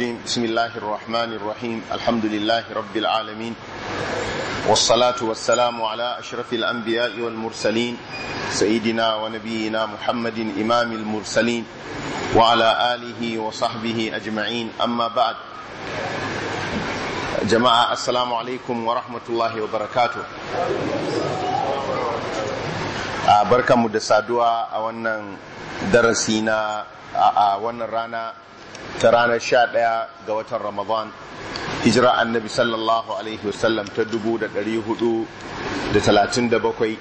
الرجيم بسم الله الرحمن الرحيم الحمد لله رب العالمين والصلاة والسلام على أشرف الأنبياء والمرسلين سيدنا ونبينا محمد إمام المرسلين وعلى آله وصحبه أجمعين أما بعد جماعة السلام عليكم ورحمة الله وبركاته barkanmu da saduwa a wannan darasi na a wannan rana ta ranar sha ɗaya ga watan ramadan hijira annabi sallallahu alaihi wasallam ta dubu da ɗari hudu da talatin da bakwai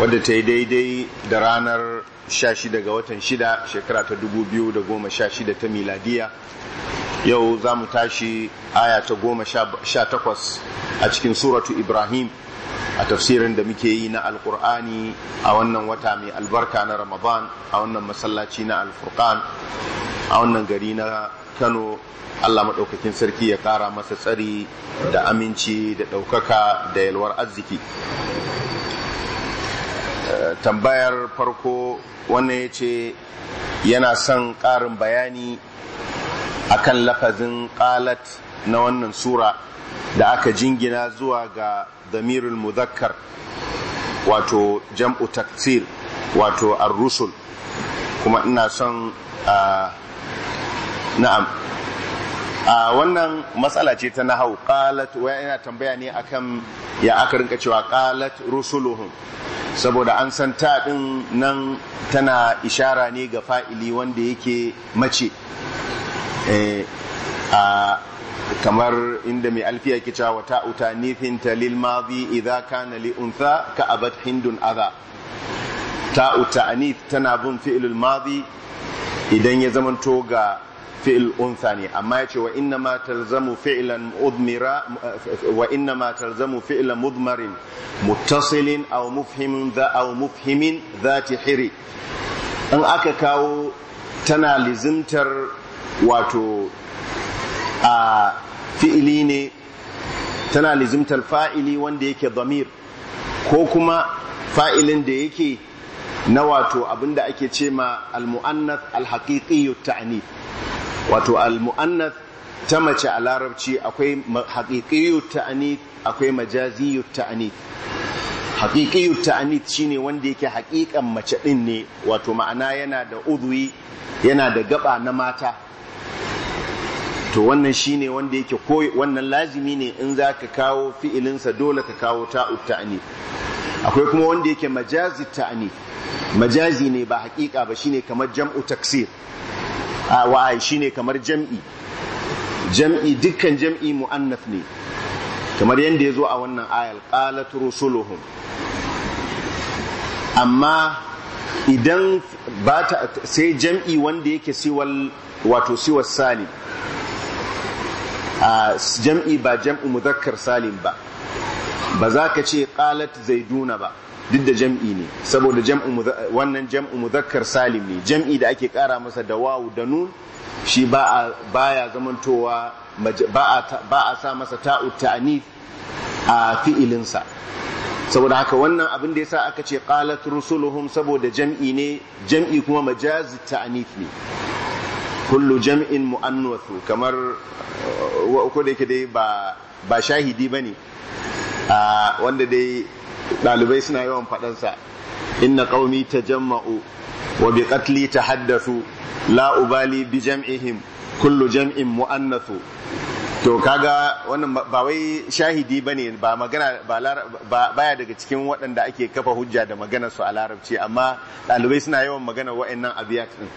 wadda ta yi daidai da ranar sha shida ga watan shida shekara ta dubu biyu da goma sha shida ta miladiya yau za mu tashi aya ta goma sha takwas a cikin suratu ibrahim a tafsirin da muke yi na alkur'ani a wannan wata mai albarka na ramadan a wannan masallaci na alfurkan a wannan gari na kano allah maɗaukakin sarki ya ƙara masa tsari da aminci da ɗaukaka da yalwar arziki eh, tambayar farko wannan ya ce yana son ƙarin bayani akan lafazin ƙalat na wannan sura da aka jingina zuwa ga damirul muzakkar wato jam'u taktir wato ar kuma ina son na'am a wannan matsala ce ta nahau qalat wa yana tambaya ne akan ya aka rinka cewa qalat rusuluhum saboda an san ta din nan tana ishara ne ga fa'ili wanda yake mace eh kamar inda mai alfiya ke cewa ta uta nifin ta madi idza kana li untha ka abat hindun adha ta uta anif tana bin fi'il madi idan ya zamanto ga fi'il untha ne amma yace wa inna ma talzamu fi'lan udmira wa inna ma talzamu fi'lan mudmarin muttasilin aw mufhimin dha aw mufhimin dhati hiri in aka kawo tana lizimtar wato a fi'ili ne tana lizimtar fa'ili wanda yake zamir ko kuma fa'ilin da yake na wato abinda ake ce ma al muannas al ta’ani wato al muannas ta mace a larabci akwai haqiqiyyu ta’ani akwai majaziyyu ta'nif ta’ani shi shine wanda yake haƙiƙan mace ɗin ne wato ma'ana yana da udwi yana da gaba na mata to wannan shine wanda yake koyi wannan lazimi ne in za ka kawo fi'ilinsa dole ka kawo ta'u ta'ani akwai kuma wanda yake majazi ta'ani majazi ne ba hakika ba shine kamar jam'u taksir a shi shine kamar jam'i jam'i dukkan jam'i mu'annaf ne kamar yadda ya zo a wannan ayal qalat rusuluhum amma idan ba ta sai jam'i wanda yake siwal wato siwal salim jam'i ba jam'u muzakkar salim ba ba za ka ce qalat zaiduna ba duk da jam'i ne saboda wannan jam'u muzakkar salim ne jam'i da ake kara masa da wawu da nun shi ba baya zamantowa ba a sa masa ta'u ta'nif a fi'ilinsa saboda haka wannan abin da yasa aka ce qalat rusuluhum saboda jam'i ne jam'i kuma majazi ta'nif ne kullu jam'in mu'annathu kamar ko da yake dai ba ba shahidi bane wanda dai dalibai suna yawan sa inna qaumi tajamma'u wa bi qatli tahaddathu la ubali bi jam'ihim kullu jam'in mu'annathu to kaga wannan ba wai shahidi bane ba magana ba baya daga cikin waɗanda ake kafa hujja da magana su a larabci amma ɗalibai suna yawan magana wa'annan abiyat din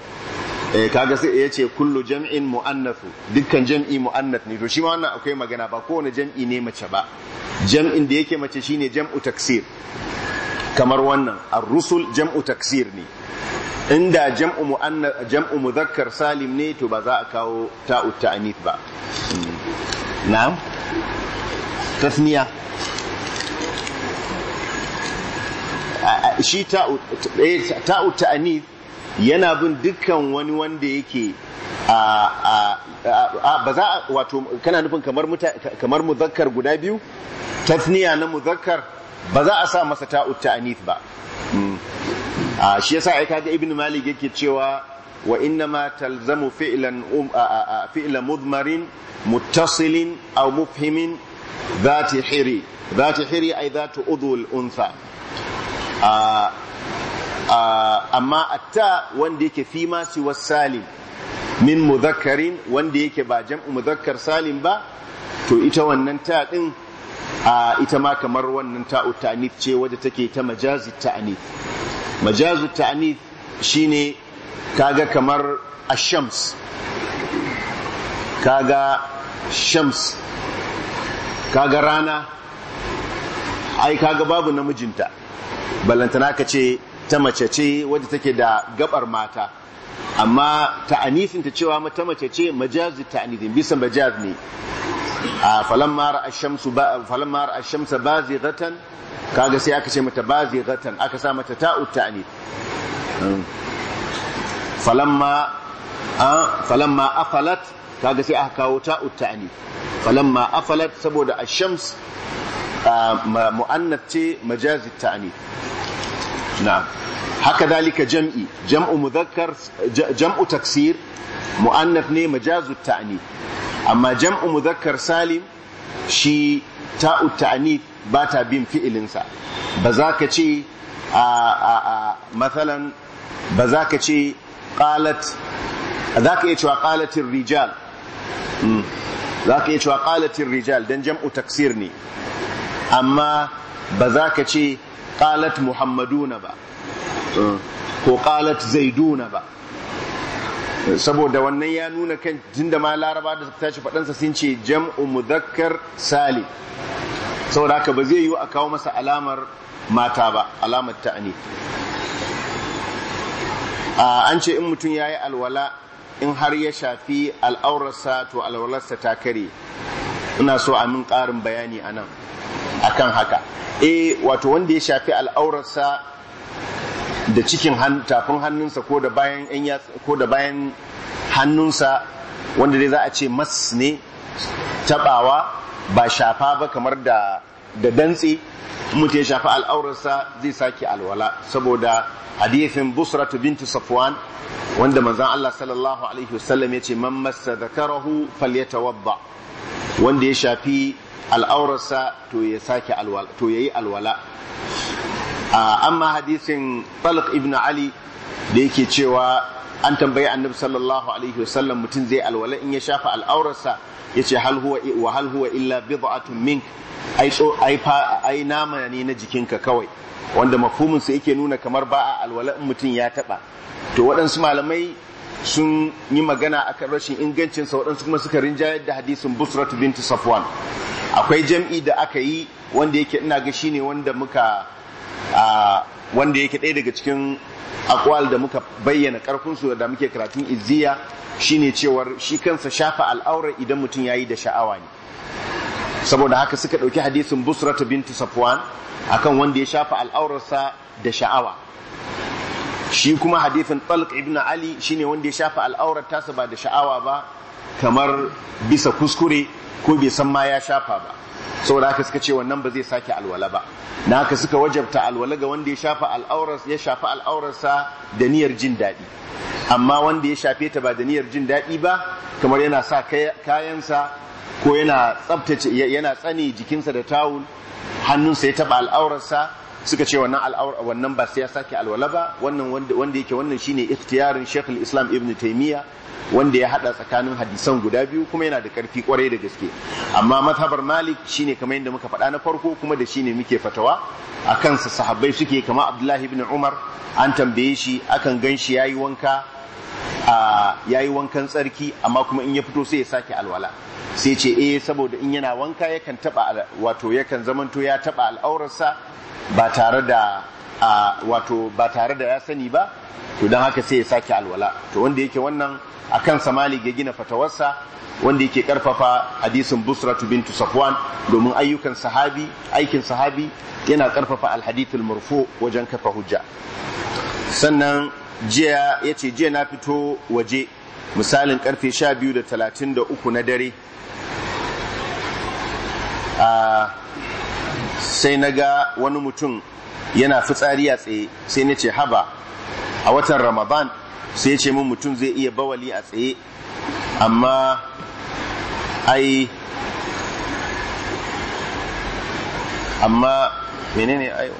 eh kaga sai ya ce kullu jam'in mu'annathu dukkan jam'i mu'annath ne to shi ma wannan akwai magana ba kowane jam'i ne mace ba jam'in da yake mace shine jam'u taksir kamar wannan ar-rusul jam'u taksir ne inda jam'u mu'annath jam'u mudhakkar salim ne to ba za a kawo ta'u ta'anith ba na'am tasniya shi ta'u eh, ta'u ta'anith yana bin dukkan wani wanda yake a ba za a wato kana nufin kamar muzakkar guda biyu tasniya na muzakkar ba za a sa masa ta'ut ta'anif ba hmm. shi yasa ai kaga ibnu malik yake cewa wa inna ma talzamu fi'lan um, fi'la mudmarin muttasilin aw mufhimin ذات hiri ذات حري أي ذات أذو unsa. amma atta wanda yake fi ma siwa min mudhakkarin wanda yake ba jam'u mudhakkar salim ba to ita wannan ta din a ita ma kamar wannan ta'u ta'anif ce wadda take ta majazi ta'nif majazu ta'nif shine kaga kamar ash-shams kaga shams kaga rana ai kaga babu namijinta ballantana ka ce ta mace ce wadda take da gabar mata amma ta'anifin ta cewa mata mace ce majazi ta'anifin bisa majaz ne falamma ra'a shamsu falamma ra'a shamsa bazighatan kaga sai aka ce mata bazighatan aka sa mata ta'u ta'anif hmm. falamma falamma afalat kaga sai aka kawo ta'u ta'anif falamma afalat saboda ash-shams mu'annath ce majazi ta'anif na'am haka dalika jam'i jam'u mudhakkar jam'u taksir mu'annaf ne majazu ta'ni amma jam'u muzakkar salim shi ta'u ta'ni ba ta bin fi'ilinsa ba za ka ce a ba za ka ce qalat za ka iya cewa qalatir rijal za dan jam'u taksir ne amma ba za ka ce qalat muhammaduna ba ko qalat zaiduna ba saboda wannan ya nuna kan jinda ma laraba da ta tashi faɗansa sun ce jam'u mudakkar sali saboda haka ba zai yi a kawo masa alamar mata ba alamar ta'ani an ce in mutum ya yi alwala in har ya shafi al'aurarsa to alwalarsa ta kare ina so a min ƙarin bayani a nan akan haka e wato wanda ya shafi al'aurarsa da cikin tafin hannunsa ko da bayan ko da bayan hannunsa wanda dai za a ce mas ne tabawa ba shafa ba kamar da da dantse mutum ya shafi al'aurarsa zai sake alwala saboda hadithin busratu bintu safwan wanda manzon Allah sallallahu alaihi wasallam ya ce man massa zakarahu falyatawadda wanda ya shafi al'aurarsa to ya sake alwala to yayi alwala amma hadisin Talq ibn Ali da yake cewa an tambayi annabi sallallahu alaihi wasallam mutum zai alwala in ya shafa al'aurarsa yace hal huwa wa hal huwa illa bid'atun mink ai so ai fa ai nama ne na jikinka kawai wanda mafhumin sa yake nuna kamar ba a alwala in mutum ya taba to waɗansu malamai sun yi magana akan rashin ingancin sa waɗansu kuma suka rinjayar da hadisin Busrat bint Safwan akwai jam'i da aka yi wanda yake ina ga shine wanda muka wanda yake ɗaya daga cikin akwal da muka bayyana ƙarfinsu da muke karatun izziya shine cewar shi kansa shafa al'aura idan mutum yayi da sha'awa ne saboda haka suka ɗauki hadisin busrata bintu safwan akan wanda ya shafa al'aurarsa da sha'awa shi kuma hadisin talq ibn ali shine wanda ya shafa al'aurar tasa ba da sha'awa ba kamar bisa kuskure ko bai san ma ya shafa ba saboda haka suka ce wannan ba zai sake alwala ba na haka suka wajabta alwala ga wanda ya shafa al'auras ya shafa al'aurarsa da niyyar jin daɗi amma wanda ya shafe ta ba da niyyar jin daɗi ba kamar yana sa kayansa ko yana tsabtace yana tsane jikinsa da tawul hannunsa ya taɓa al'aurarsa suka ce wannan al'aura wannan ba sai ya sake alwala ba wannan wanda yake wannan shine ikhtiyarin Sheikh islam Ibn taimiyya wanda ya hada tsakanin hadisan guda biyu kuma yana da karfi kwarai da gaske amma mazhabar Malik shine kamar yadda muka faɗa na farko kuma da shine muke fatawa akan sa sahabbai suke kamar Abdullahi ibn Umar an tambaye shi akan gan shi ya yi wanka ya yi wankan tsarki amma kuma in ya fito sai ya sake alwala sai ce eh saboda in yana wanka yakan taba wato yakan zamanto ya taba al'aurarsa ba tare da wato ba tare da ya sani ba to don haka sai ya sake alwala to wanda yake wannan a kan samali ga gina fatawarsa wanda yake karfafa hadisin busratu bintu safwan domin ayyukan sahabi aikin sahabi yana karfafa alhadithul murfu wajen kafa hujja sannan jiya ya ce jiya na fito waje misalin karfe biyu da da talatin uku na dare sai na ga wani mutum yana fitsari a tsaye sai na ce haba a watan ramadan sai ya ce min mutum zai iya bawali a tsaye amma ai amma menene ai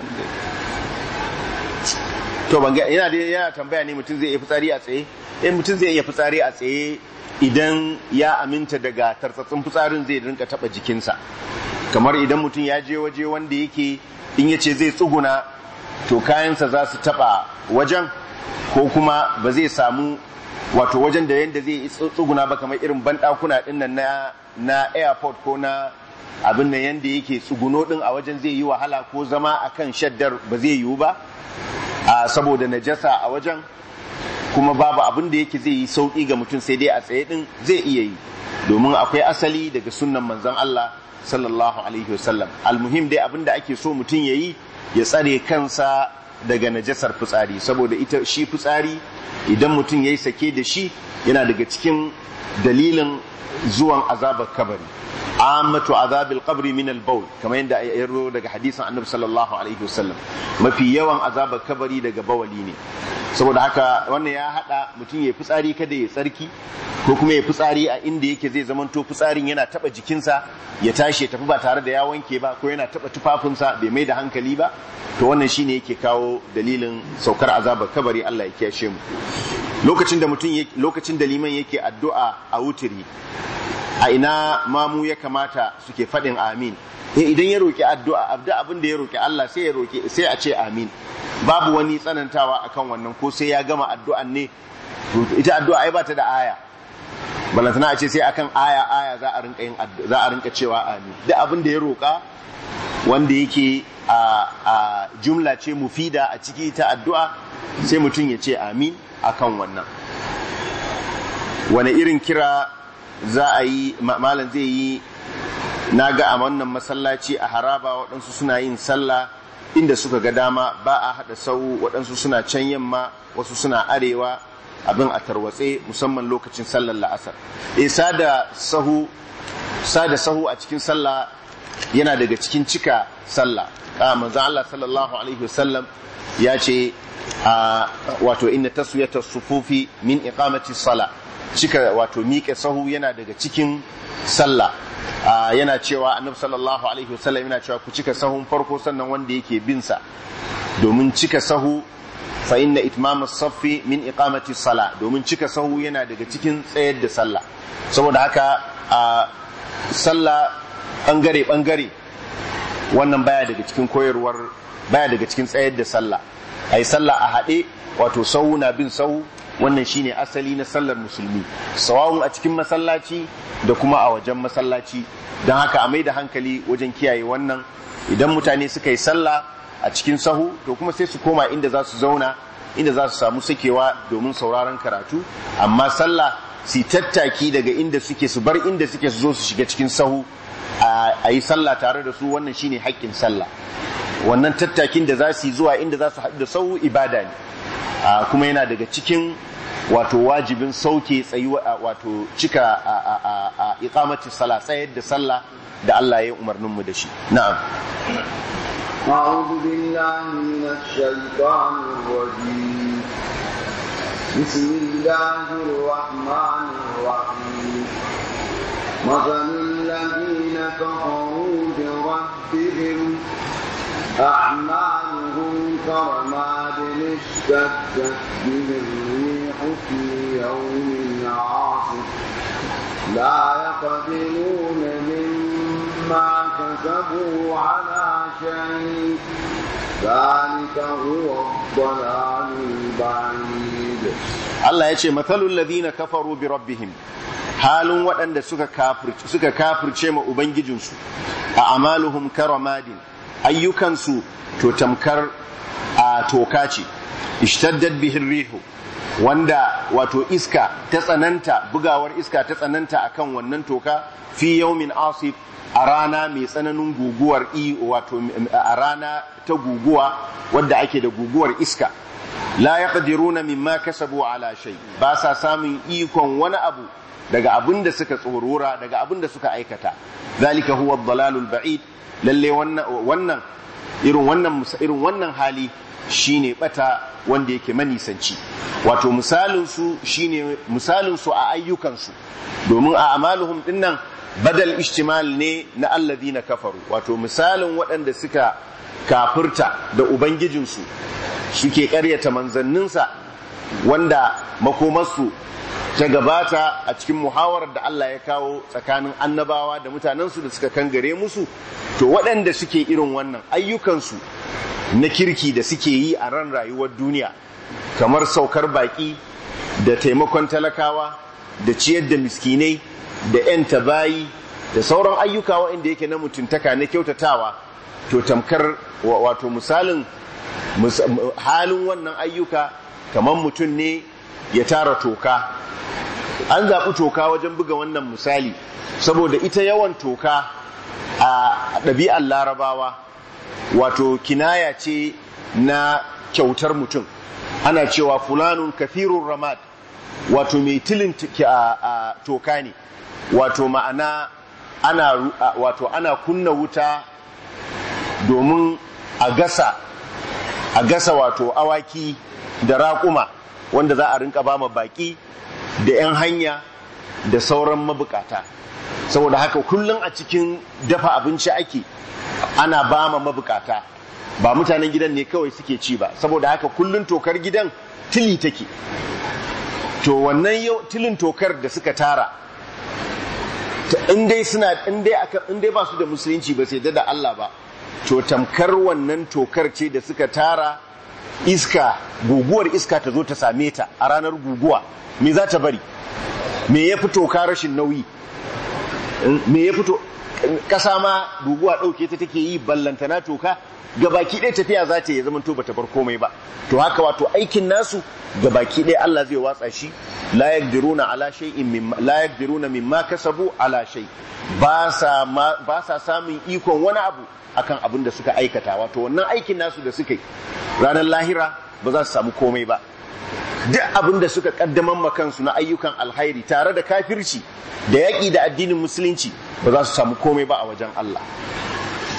to ban yana da yana tambaya ne mutum zai iya fitsari a tsaye eh mutum zai iya fitsari a tsaye idan ya aminta daga tartsatsin fitsarin zai rinka taba jikinsa kamar idan mutum ya je waje wanda yake in ya ce zai tsuguna to kayansa za su taba wajen ko kuma ba zai samu wato wajen da yanda zai tsuguna ba kamar irin banɗakuna din nan na na airport ko na abin nan yadda yake tsuguno din a wajen zai yi wahala ko zama akan shaddar ba zai yiwu ba saboda najasa a wajen kuma babu abin da yake zai yi sauƙi ga mutum sai dai a tsaye din zai iya yi domin akwai asali daga sunnan manzon Allah sallallahu alaihi wasallam almuhim dai abin da ake so mutum ya yi ya tsare kansa daga najasar fitsari saboda ita shi fitsari idan mutum ya yi sake da shi yana daga cikin dalilin zuwan azabar kabari amatu azabil qabri min al kamar yadda ya yaro daga hadisin annabi sallallahu alaihi wasallam mafi yawan azabar kabari daga bawali ne saboda haka wannan ya hada mutum ya fitsari kada ya tsarki ko kuma ya fitsari a inda yake zai zamanto fitsarin yana taba jikinsa ya tashi ya tafi ba tare da ya wanke ba ko yana taba tufafinsa bai mai da hankali ba to wannan shine yake kawo dalilin saukar azabar kabari Allah ya kiyashe mu lokacin da mutum lokacin da liman yake addu'a a wutiri a ina mamu ya kamata suke faɗin amin eh, idan ya roƙi addu'a abda abin da ya roƙi Allah sai ya roƙi sai a ce amin babu wani tsanantawa akan wannan ko sai ya gama addu'an ne ita addu'a ai bata da aya balantana a ce sai akan aya aya za a rinka cewa amin duk abin da ya roƙa, wanda yake a jumla ce mu mufida a ciki ta addu'a sai mutum ya ce amin akan wannan wani irin kira za a yi malam zai yi na ga a wannan masallaci a haraba waɗansu suna yin sallah inda suka ga dama ba a haɗa sau waɗansu suna can yamma wasu suna arewa abin a tarwatse musamman lokacin sallar la'asar isa eh, da sahu sada sahu a cikin sallah yana daga cikin cika sallah a ah, manzan Allah sallallahu alaihi wasallam ya ce ah, wato inna taswiyatar sufufi min iqamati sallah. cika wato miƙe sahu yana daga cikin sallah ah, yana cewa annabi sallallahu alaihi wasallam yana cewa ku cika sahun farko sannan wanda yake bin sa domin cika sahu fa inna itmam safi saffi min iqamati sala domin cika sahu yana daga cikin tsayar da sallah saboda haka ah, sallah bangare bangare wannan baya daga cikin koyarwar baya daga cikin tsayar da sallah ai sallah a haɗe wato sahu na bin sahu wannan shine asali na sallar musulmi sawawun a cikin masallaci da kuma a wajen masallaci don haka a mai da hankali wajen kiyaye wannan idan mutane suka yi sallah a cikin sahu to kuma sai su koma inda za su zauna inda za su samu sakewa domin sauraron karatu amma sallah su tattaki daga inda suke su bar inda suke su zo su shiga cikin sahu a yi sallah tare da su wannan shine haƙƙin sallah wannan tattakin da za su yi zuwa inda za su haɗu da sau ibada ne kuma yana daga cikin wato wajibin sauke tsayuwa wato cika a iqamati sallah tsayar da sallah da Allah ya umarnin mu da shi na'am أعوذ بالله من الشيطان الرجيم بسم الله الرحمن الرحيم مثل الذين كفروا بربهم أعمالهم كرماد اشتدت به الريح في يوم عاصف لا يقدرون مما كسبوا على شيء ذلك هو الضلال البعيد الله يقول مثل الذين كفروا بربهم halin waɗanda suka kafirce ma ubangijinsu a amaluhum karamadin ayyukansu to tamkar a toka ce ishtaddad bihin rihu wanda wato iska ta tsananta bugawar iska ta tsananta akan wannan toka fi yaumin asif a rana mai tsananin guguwar wato a rana ta guguwa wadda ake da guguwar iska la na mimma kasabu ala shai ba sa samun ikon wani abu daga abin da suka tsorora daga abin da suka aikata zalika huwa dalalul ba'id lalle wannan irin wannan irin wannan hali shine bata wanda yake manisanci wato misalin su shine misalin su a ayyukan su domin a amaluhum dinnan badal ishtimal ne na alladhina kafaru wato misalin waɗanda suka kafirta da ubangijinsu suke ƙaryata manzanninsa wanda makomarsu ta gabata a cikin muhawarar da Allah ya kawo tsakanin annabawa da mutanensu da suka kan gare musu to waɗanda suke irin wannan ayyukansu na kirki da suke yi a ran rayuwar duniya kamar saukar baƙi da taimakon talakawa da ciyar da miskinai da 'yan tabayi da sauran ayyuka waɗanda yake na mutuntaka na kyautatawa to tamkar wato misalin halin wannan ayyuka kamar mutum ne ya tara toka an zaɓi toka wajen buga wannan misali saboda ita yawan toka a ɗabi'ar larabawa wato kinaya ce na kyautar mutum ana cewa fulanun kafirun ramad wato mai tilin toka ne wato ma'ana ana wato ana kunna wuta domin a gasa wato awaki da raƙuma wanda za a rinka ba ma baki da 'yan hanya da sauran mabukata saboda haka kullum a cikin dafa abinci ake ana ba ma mabukata ba mutanen gidan ne kawai suke ci ba saboda haka kullum tokar gidan tili take to wannan yau tilin tokar da suka tara in dai suna in dai aka in dai ba su da musulunci ba sai da Allah ba to tamkar wannan tokar ce da suka tara iska guguwar iska ta zo ta same ta a ranar guguwa me za ta bari me ya fito ka rashin nauyi me ya fito kasa ma guguwa ɗauke ta take yi ballantana toka gabaki ɗaya tafiya za ta yi zaman to bata bar komai ba to haka wato aikin nasu gabaki ɗaya Allah zai watsa shi la yaqdiruna ala shay'in mimma la yaqdiruna mimma kasabu ala shay ba sa samun ikon wani abu akan abin da suka aikata wato wannan aikin nasu da suka yi ranar lahira ba za su samu komai ba duk abin da suka ma kansu na ayyukan alhairi tare da kafirci da yaƙi da addinin musulunci ba za su samu komai ba a wajen Allah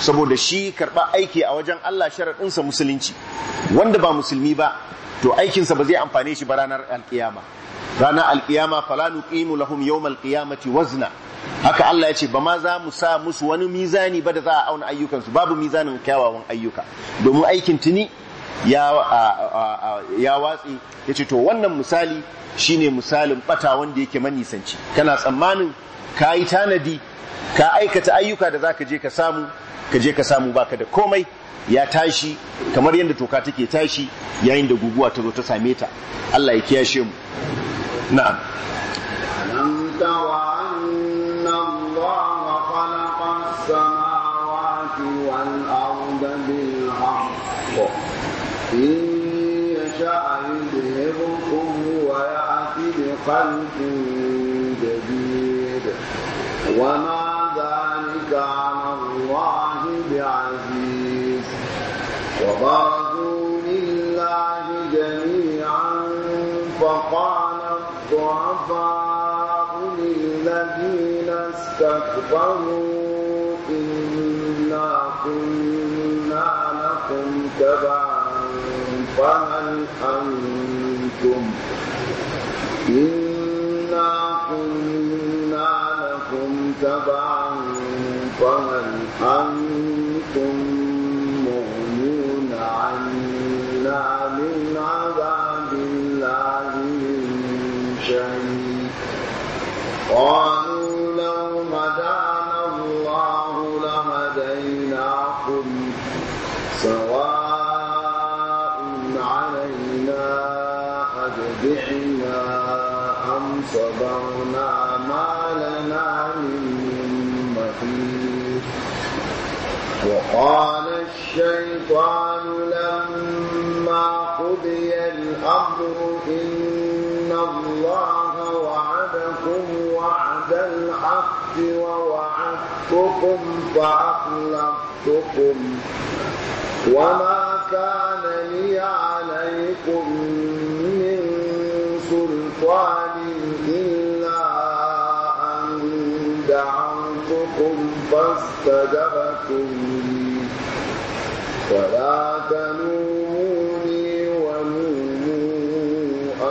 saboda shi karɓa aiki a wajen Allah sharaɗinsa musulunci wanda ba musulmi ba to aikinsa ba zai amfane shi ba ranar alƙiyama ranar alƙiyama falanu qimu lahum yawmal qiyamati wazna haka Allah ya ce ba ma za mu sa musu wani mizani ba da za a auna ayyukansu babu mizanin kyawawan ayyuka domin aikin tuni ya watsi ya ce to wannan misali shine misalin bata wanda yake manisanci kana tsammanin ka yi tanadi ka aikata ayyuka da za ka je ka samu ka je ka samu baka da komai ya tashi kamar yadda toka take tashi yayin da guguwa ta zo ta same ta Allah ya kiyashe mu na'am إن يشاء يذهبكم ويأتي بخلق جديد وما ذلك على الله بعزيز وبرزوا لله جميعا فقال الضعفاء للذين استكبروا إنا كنا لكم تبعا فهل أنتم إنا كنا لكم تبعا فهل أنتم مغنون عنا من عذاب الله من شيء قال وتبعنا أم صبرنا ما لنا من مخيف وقال الشيطان لما قضي الأمر إن الله وعدكم وعد الحق ووعدتكم فأخلفتكم وما كان لي عليكم من شيطان إلا أن دعوتكم فاستجبتم لي فلا تلوموني ولوموا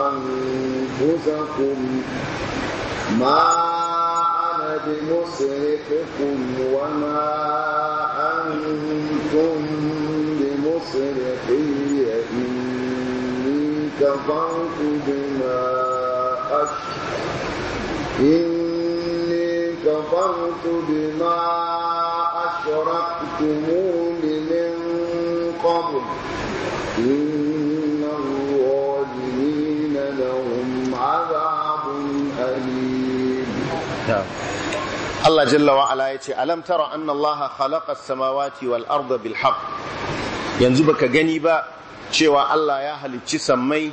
أنفسكم ما أنا بمصرخكم وما أنتم بمصرخي إني كفرت بما الناس إني كفرت بما أشركتمون من قبل إن الظالمين لهم عذاب أليم الله جل وعلا يتي ألم ترى أن الله خلق السماوات والأرض بالحق ينزبك جنبا cewa Allah ya halicci sammai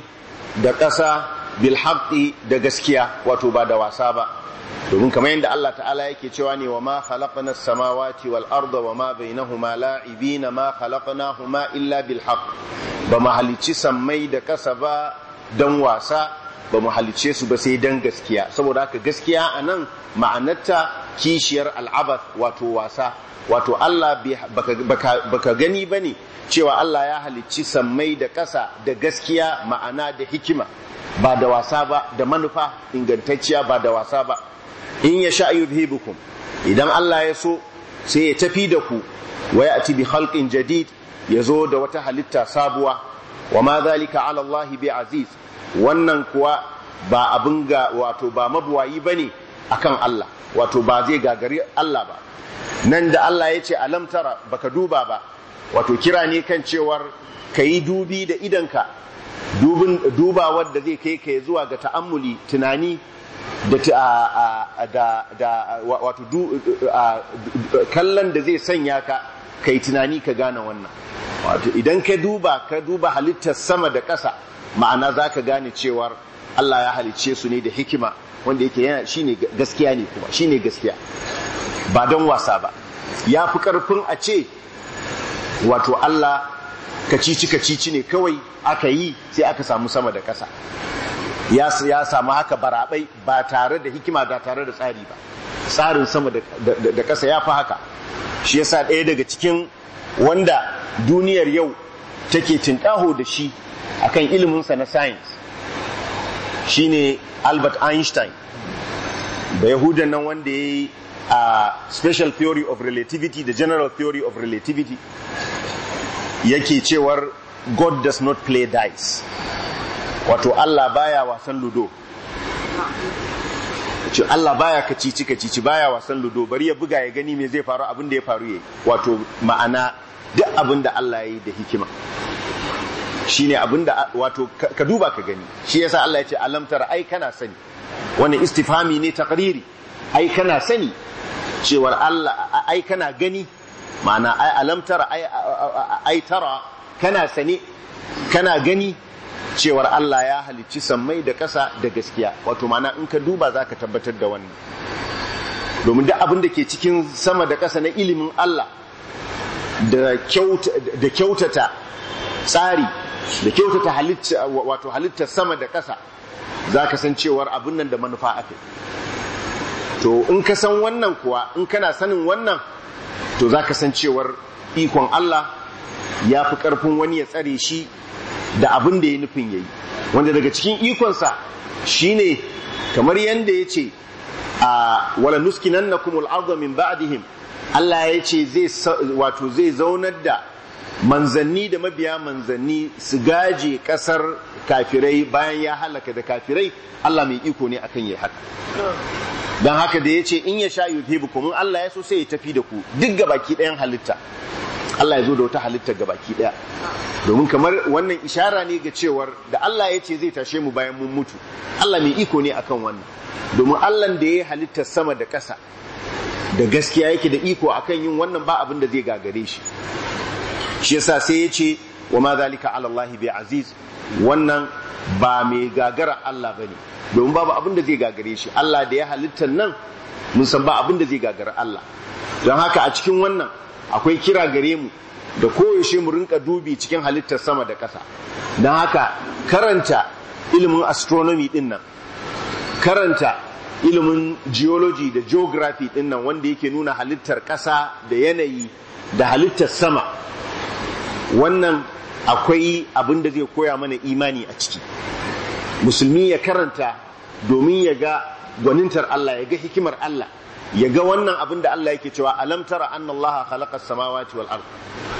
da ƙasa bilhaƙi da gaskiya wato ba da wasa ba domin kamar yadda Allah ta'ala yake cewa ne wa ma khalaqna samawati wal arda wa ma bainahuma la'ibina ma khalaqnahuma illa bil ba mu halicci sammai da kasa ba dan wasa ba mu halicce su ba sai dan gaskiya saboda haka gaskiya anan ma'anarta kishiyar al'abar wato wasa wato Allah baka gani bane cewa Allah ya halicci sammai da ƙasa da gaskiya ma'ana da hikima ba da wasa ba da manufa ingantacciya ba da wasa ba in ya sha yudhibukum idan Allah ya so sai ya tafi da ku wa ya'ti bi khalqin jadid ya zo da wata halitta sabuwa wa ma zalika ala Allah aziz wannan kuwa ba abin ga wato ba mabuwayi bane akan Allah wato ba zai gagari Allah ba nan da Allah ya ce alam ba ka duba ba wato kira ne kan cewar kayi dubi da idanka duba wadda zai kai ka zuwa ga ta'ammuli tunani da kallon da zai sanya ka ka tunani ka gane wannan wato idan ka duba ka duba halittar sama da ƙasa ma'ana za ka gane cewar Allah ya halicce su ne da hikima wanda yake yana ne gaskiya ne kuma shi ne gaskiya ba don wasa ba ya fi ƙarfin a ce wato Allah kacici kacici ne kawai aka yi sai aka samu sama da ƙasa ya samu haka barabai ba tare da hikima ba tare da tsari ba tsarin sama da ƙasa ya fi haka shi yasa ɗaya daga cikin wanda duniyar yau take tinƙaho da shi akan iliminsa na science shine Albert Einstein da Yahudan nan wanda ya yi a special theory of relativity da general theory of relativity yake cewar God does not play dice wato Allah baya wasan ludo ce Allah baya kacici kacici baya wasan ludo bari ya buga ya gani me zai faru abin da ya faru yayi wato ma'ana duk abin da Allah ya yi da hikima Shi abin da wato ka duba ka gani shi yasa Allah ya ce alamtar ai kana sani wani istifami ne taqriri ai kana sani cewar Allah ai kana gani ma'ana ai alam tara ai tara kana sane kana gani cewar Allah ya halicci sammai da ƙasa da gaskiya wato ma'ana in ka duba za ka tabbatar da wannan domin duk abin da ke cikin sama da ƙasa na ilimin Allah da kyautata tsari da kyautata halitta wato halittar sama da ƙasa za ka san cewar abin nan da manufa ake. to in ka san wannan kuwa in kana sanin wannan to za ka san cewar ikon Allah ya fi ƙarfin wani ya tsare shi da abin da ya nufin ya yi wanda daga cikin ikonsa shi ne kamar yadda ya ce a wala nan na kuma al'adu min ba'adihim Allah ya ce wato zai zaunar da manzanni da mabiya manzanni su gaje ƙasar kafirai bayan ya halaka da kafirai Allah mai iko ne akan yi haka don haka da ya ce in ya sha bu kuma Allah ya so sai ya tafi da ku duk gabaki ɗayan halitta Allah ya zo da wata halitta gabaki ɗaya domin kamar wannan ishara ne ga cewar da Allah ya ce zai tashe mu bayan mun mutu Allah mai iko ne akan wannan domin Allah da ya halitta sama da ƙasa da gaskiya yake da iko akan yin wannan ba abin da zai gagare shi shi yasa sai ya ce wa ma zalika ala Allah bi aziz wannan ba mai gagara Allah ba ne domin babu abin da zai gagare shi Allah da ya halitta nan mun san ba abin da zai gagara Allah don haka a cikin wannan akwai kira gare mu da koyaushe mu rinka dubi cikin halittar sama da ƙasa don haka karanta ilimin astronomy din nan karanta ilimin geology da geography din nan wanda yake nuna halittar ƙasa da yanayi da halittar sama wannan akwai abin da zai koya mana imani a ciki musulmi ya karanta domin ya ga gwanintar Allah ya ga hikimar Allah ya ga wannan abin da Allah yake cewa alam tara anna Allah khalaqa samawati wal ard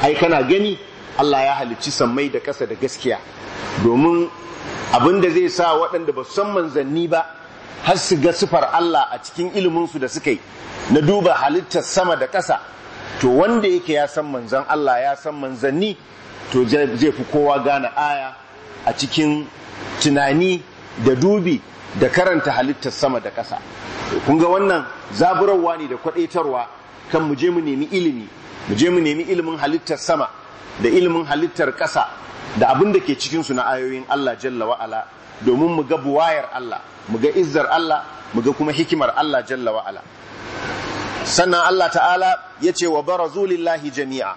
ai kana gani Allah ya halicci sammai da ƙasa da gaskiya domin abin da zai sa waɗanda ba san manzanni ba har su ga sifar Allah a cikin iliminsu da suka yi na duba halittar sama da ƙasa to wanda yake ya san manzan Allah ya san manzanni to zai fi kowa gane aya a cikin tunani da dubi da karanta halittar sama da ƙasa kun ga wannan zaburarwa ne da kwadaitarwa kan mu je mu nemi ilimi mu je mu nemi ilimin halittar sama da ilimin halittar ƙasa da abin da ke cikin su na ayoyin Allah jalla wa ala domin mu ga buwayar Allah mu ga izzar Allah mu ga kuma hikimar Allah jalla wa sannan Allah ta'ala ya ce wa barazu jami'a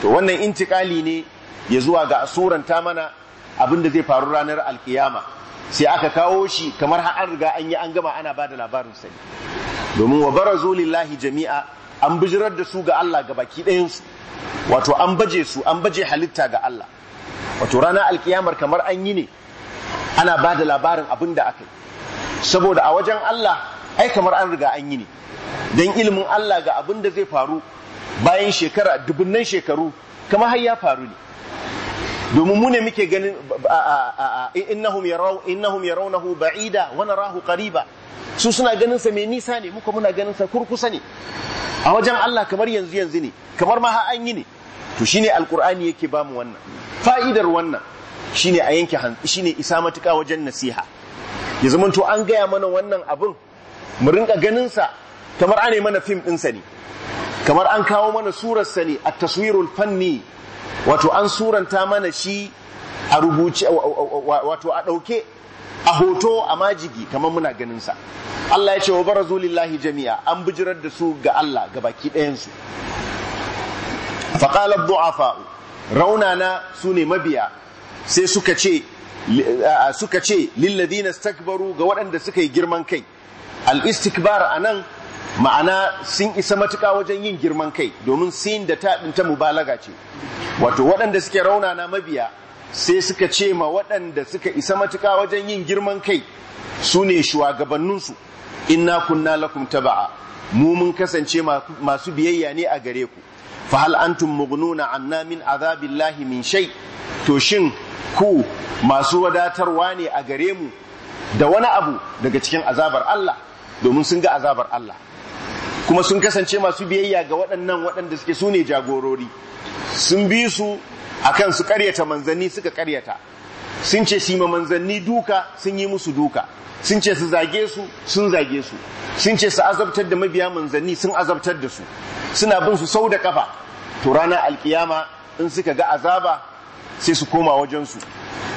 to wannan intikali ne ya zuwa ga suranta mana abinda zai faru ranar alkiyama sai aka kawo shi kamar har an riga an yi an gama ana ba da labarin sai domin wa barazu lillahi jami'a an bijirar da su ga Allah ga baki ɗayan wato an baje su an baje halitta ga Allah wato ranar alkiyamar kamar an yi ne ana ba da labarin abinda aka yi saboda a wajen Allah ai kamar an riga an yi ne don ilimin Allah ga abin da zai faru bayan shekara dubunnan shekaru kamar har ya faru ne domin mune muke ganin innahum yarau innahum yarawnahu ba'ida wa narahu qariba su suna ganin sa mai nisa ne muka muna ganin sa kurkusa ne a wajen Allah kamar yanzu yanzu ne kamar ma har an yi ne to shine alqur'ani yake ba mu wannan fa'idar wannan shine a yanke shine isa matuka wajen nasiha ya zama to an gaya mana wannan abin mu rinka ganin sa kamar yi mana fim din sa ne kamar an kawo mana surar sa ne at-taswirul fanni wato an suranta mana shi a rubuce wato a ɗauke a hoto a majigi kamar muna ganinsa. Allah ya ce wa barazu lillahi jami'a an bijirar da su ga Allah ga baki ɗayansu faƙalar du'afa raunana su ne mabiya sai suka ce suka ce stakbaru ga waɗanda suka yi girman kai al-istikbar a nan ma'ana sun isa matuƙa wajen yin girman kai domin sin da taɗin ta mubalaga ce wato waɗanda suke rauna na mabiya sai suka ce ma waɗanda suka isa matuka wajen yin girman kai su ne shugabanninsu inna kunna lakum taba'a mu mun kasance masu biyayya ne a gare ku fa hal antum mughnuna anna min azabillahi min shay to shin ku masu wadatarwa ne a gare mu da wani abu daga cikin azabar Allah domin sun ga azabar Allah kuma sun kasance masu biyayya ga waɗannan waɗanda suke su ne jagorori sun bi su akan su karyata manzanni suka karyata sun ce su ma manzanni duka sun yi musu duka sun ce su zage su sun zage su sun ce su azabtar da mabiya manzanni sun azabtar da su suna bin su sau da kafa to ranar alkiyama in suka ga azaba sai su koma wajensu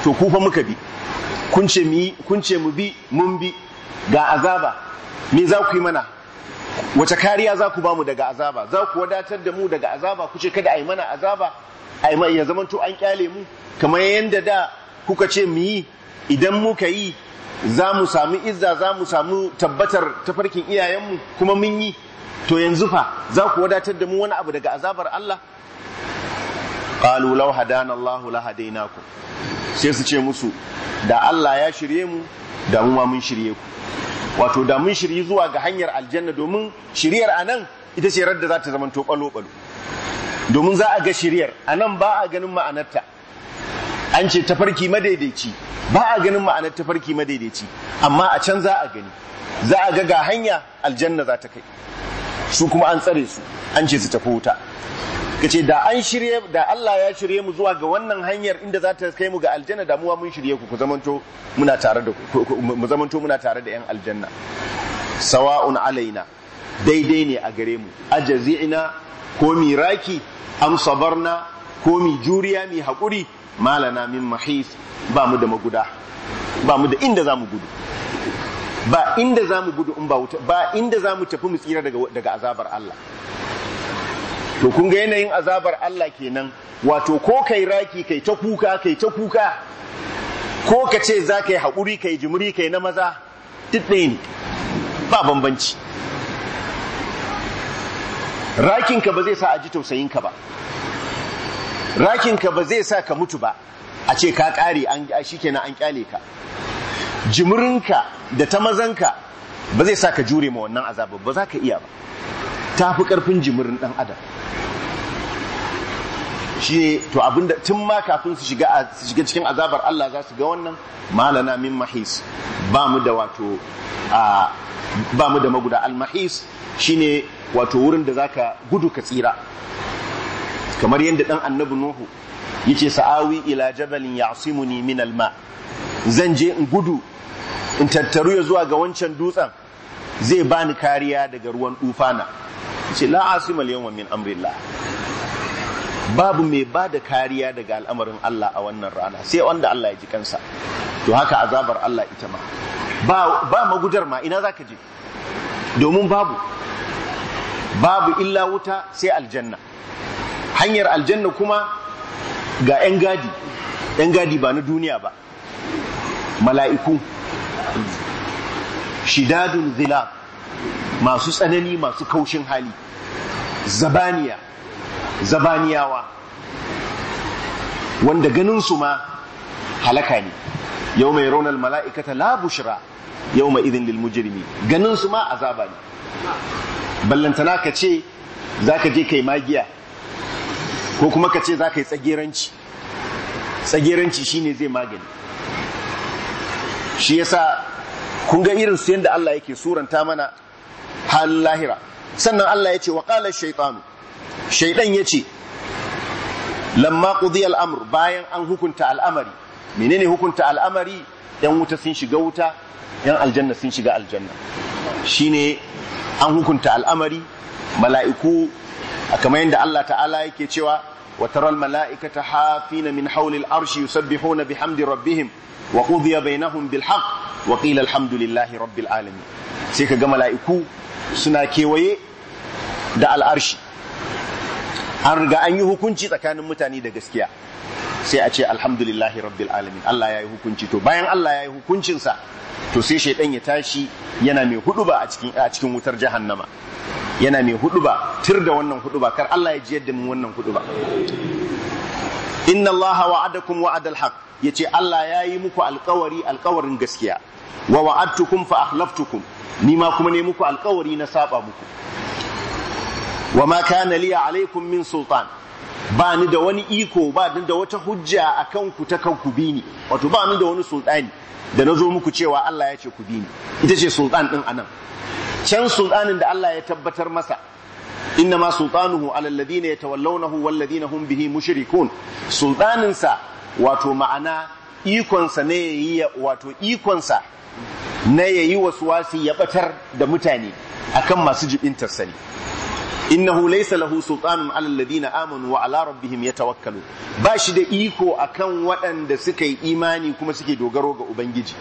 to kufa muka bi kun ce mu bi mun bi ga azaba me za ku yi mana wace kariya za ku bamu daga azaba za ku wadatar da mu daga azaba ku ce kada a yi mana azaba a yi ya to an kyale mu kamar yadda da kuka ce mu yi idan muka yi za mu sami izza za mu samu tabbatar tafarkin iyayenmu kuma mun yi to yanzu fa za ku wadatar da mu wani abu daga azabar Allah qalu law hadana Allah la hadainakum sai su ce musu da Allah ya shirye mu da mu ma mun shirye ku wato da mun shirye zuwa ga hanyar aljanna domin shiryar nan ita ce radda za ta zama to balo balo domin za a ga shiryar anan ba a ganin ma'anarta an ce tafarki madaidaici ba a ganin ma'anar tafarki madaidaici amma a can za a gani za a ga ga hanya aljanna za ta kai su kuma an tsare su an ce su tafi wuta kace da an shirye da Allah ya shirye mu zuwa ga wannan hanyar inda za ta kai mu ga aljanna da muwa mun shirye ku ku zamanto muna tare da mu zamanto muna tare da yan aljanna sawa'un alaina daidai ne a gare mu ajazi'ina ko miraki am sabarna ko mi juriya mi hakuri malana min mahis ba mu da maguda ba mu da inda za mu gudu ba inda za mu gudu in ba wuta ba inda za mu tafi mu tsira daga azabar Allah to kun ga yanayin azabar Allah kenan wato ko kai raki kai ta kuka kai ta kuka ko ka ce za ka yi haƙuri kai jimuri kai na maza duk ne ba bambanci rakinka ba zai sa a ji tausayinka ba rakinka ba zai sa ka mutu ba a ce ka ƙare shi kenan an ƙyale ka jimurinka da ta mazanka ba zai sa ka jure ma wannan azabar ba za ka iya ba ta fi ƙarfin jimirin ɗan adam shi ne to abinda tun ma kafin su shiga cikin azabar Allah za su ga wannan malana min mahis ba mu da wato ba mu da maguda al mahis shine wato wurin da za ka gudu ka tsira kamar yadda dan annabi nuhu yace sa'awi ila jabalin ya'simuni min al zan je in gudu in tattaru ya zuwa ga wancan dutsen zai bani kariya daga ruwan dufana. ce la asima al amrillah babu mai ba da kariya daga al'amarin Allah a wannan rana sai wanda Allah ya ji kansa to haka azabar Allah ita ma ba magudar ma ina zaka je domin babu babu illa wuta sai aljanna hanyar aljanna kuma ga 'yan gadi 'yan gadi ba na duniya ba mala'iku Shidadun zila masu tsanani masu kaushin hali zabaniya zabaniyawa wanda ganin su ma halaka ne yau mai raunar mala'ikata labushira yau mai idin lilmujirmi ganin su ma azaba ne ballantana ka ce za ka je kai magiya ko kuma ka ce za ka yi tsageranci tsageranci ne zai magani shi yasa kun ga irin su yadda Allah yake suranta mana hal lahira sannan Allah ya ce wa qala shaytanu shaydan ya ce lamma qudiya al-amr bayan an hukunta al'amari menene hukunta al'amari yan wuta sun shiga wuta yan aljanna sun shiga aljanna shine an hukunta al'amari mala'iku kamar yadda Allah ta'ala yake cewa wa taral mala'ikata hafina min hawli al-arshi yusabbihuna bihamdi rabbihim wa qudiya bainahum bil haqq wa qila alhamdulillahi rabbil alamin sai kaga mala'iku suna kewaye da al'arshi an riga an yi hukunci tsakanin mutane da gaskiya sai a ce alhamdulillahi rabbil alamin Allah ya yi hukunci to bayan Allah ya yi hukuncinsa to sai shaidan ya tashi yana mai huduba a cikin a cikin wutar jahannama yana mai huduba tir da wannan huduba kar Allah ya ji yadda mu wannan huduba inna allaha wa'adakum wa'adal ya yace Allah ya yi muku alƙawari alƙawarin gaskiya wa wa'adtukum fa akhlaftukum ni ma kuma ne muku alkawari na saba muku wa ma kana li alaikum min sultan ba ni da wani iko ba ni da wata hujja akan ku ta kan ku bi ni wato ba ni da wani sultani da na zo muku cewa Allah ya ce ku bi ni ita ce sultan din anan can sultanin da Allah ya tabbatar masa inna ma sultanuhu ala alladhina yatawallawnahu wal ladina hum bihi mushrikun sultanin sa wato ma'ana ikonsa ne wato ikonsa na ya yi yayi wasi ya batar da mutane akan masu jibintar sani innahu laysa lahu sultanun ala alladhina amanu wa ala ya yatawakkalu ba shi da iko akan waɗanda suka yi imani kuma suke dogaro ga ubangiji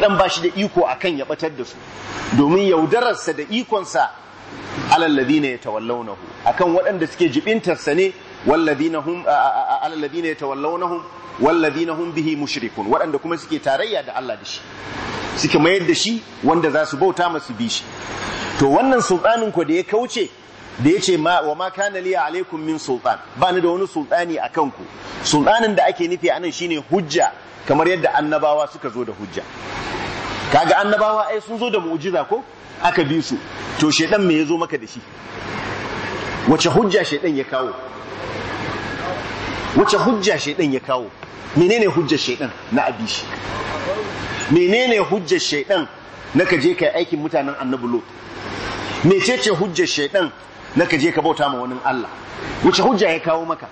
ɗan ba shi da iko akan ya batar da su domin yaudararsa da ikonsa ala alladhina yatawallawnahu akan waɗanda suke jibintar ne walladhina hum ala alladhina yatawallawnahum Wallazi na hun bihi mushrikun waɗanda kuma suke tarayya da Allah da shi suke mayar da shi wanda za su bauta masu bi shi to wannan sultanin ko da ya kauce da ya ce wa ma kana liya alaikum min sultan ba ni da wani sultani a kanku sultanin da ake nufi anan shine hujja kamar yadda annabawa suka zo da hujja kaga annabawa ai sun zo da mu'jiza ko aka bi su to shedan me ya zo maka da shi wace hujja shedan ya kawo wace hujja shedan ya kawo menene hujjar shaidan na shi menene hujjar shaidan na ka je kai aikin mutanen annabi lot mecece hujjar shaidan na ka je ka bauta ma wani Allah wace hujja ya kawo maka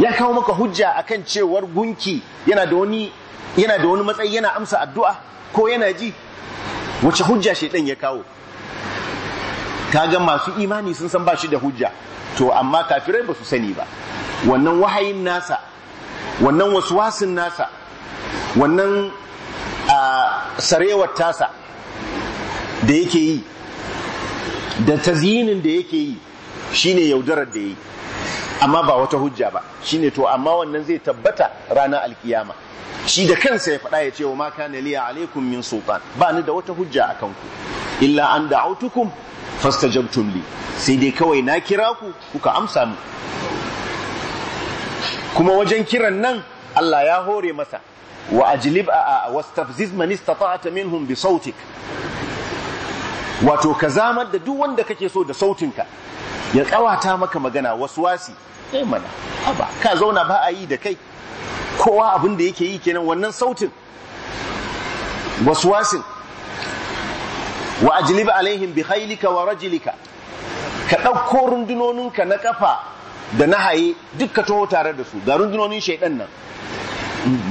ya kawo maka hujja akan cewar gunki yana da wani yana matsayi yana amsa addu'a ko yana ji wace hujja shaidan ya kawo kaga masu imani sun san ba shi da hujja to amma kafirai ba su sani ba wannan wahayin nasa wannan waswasin nasa wannan sarewar tasa da yake yi da tazinin da yake yi shine yaudarar da yi amma ba wata hujja ba shine to amma wannan zai tabbata ranar alkiyama shi da kansa ya faɗa ya ce wa ma kana liya alaikum min sultan ba ni da wata hujja a kanku illa an da'autukum fastajabtum li sai dai kawai na kira ku kuka amsa mu kuma wajen kiran nan Allah ya hore masa wa ajlib a wastafziz man istata'ta minhum bi sautik wato ka zamar da duk wanda kake so da sautinka ya kawata maka magana waswasi eh mana haba ka zauna ba a yi da kai kowa abin da yake yi kenan wannan sautin waswasin wa ajlib alaihim bi wa rajlika ka ɗauko rundunoninka na ƙafa. da na haye duk taho tare da su ga rundunonin shaidan nan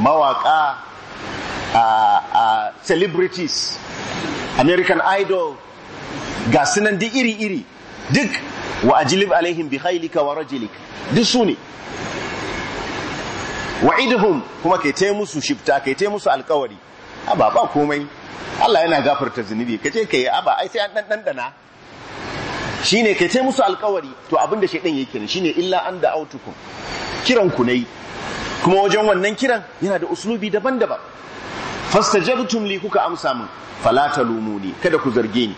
mawaka a celebrities american idol ga sunan di iri-iri duk wa ajilib alaihim bi khailika wa duk su ne idhum kuma kai tai musu shifta kai tai musu alkawari aba ba komai Allah yana gafarta zunubi kace kai aba ai sai an dan dana shine kai ta musu alkawari to abin da shaidan yake ne shine illa an da autukum kiran ku nayi kuma wajen wannan kiran yana da uslubi daban-daban fastajabtum li kuka amsa min Falata lumu ne. kada ku zarge ni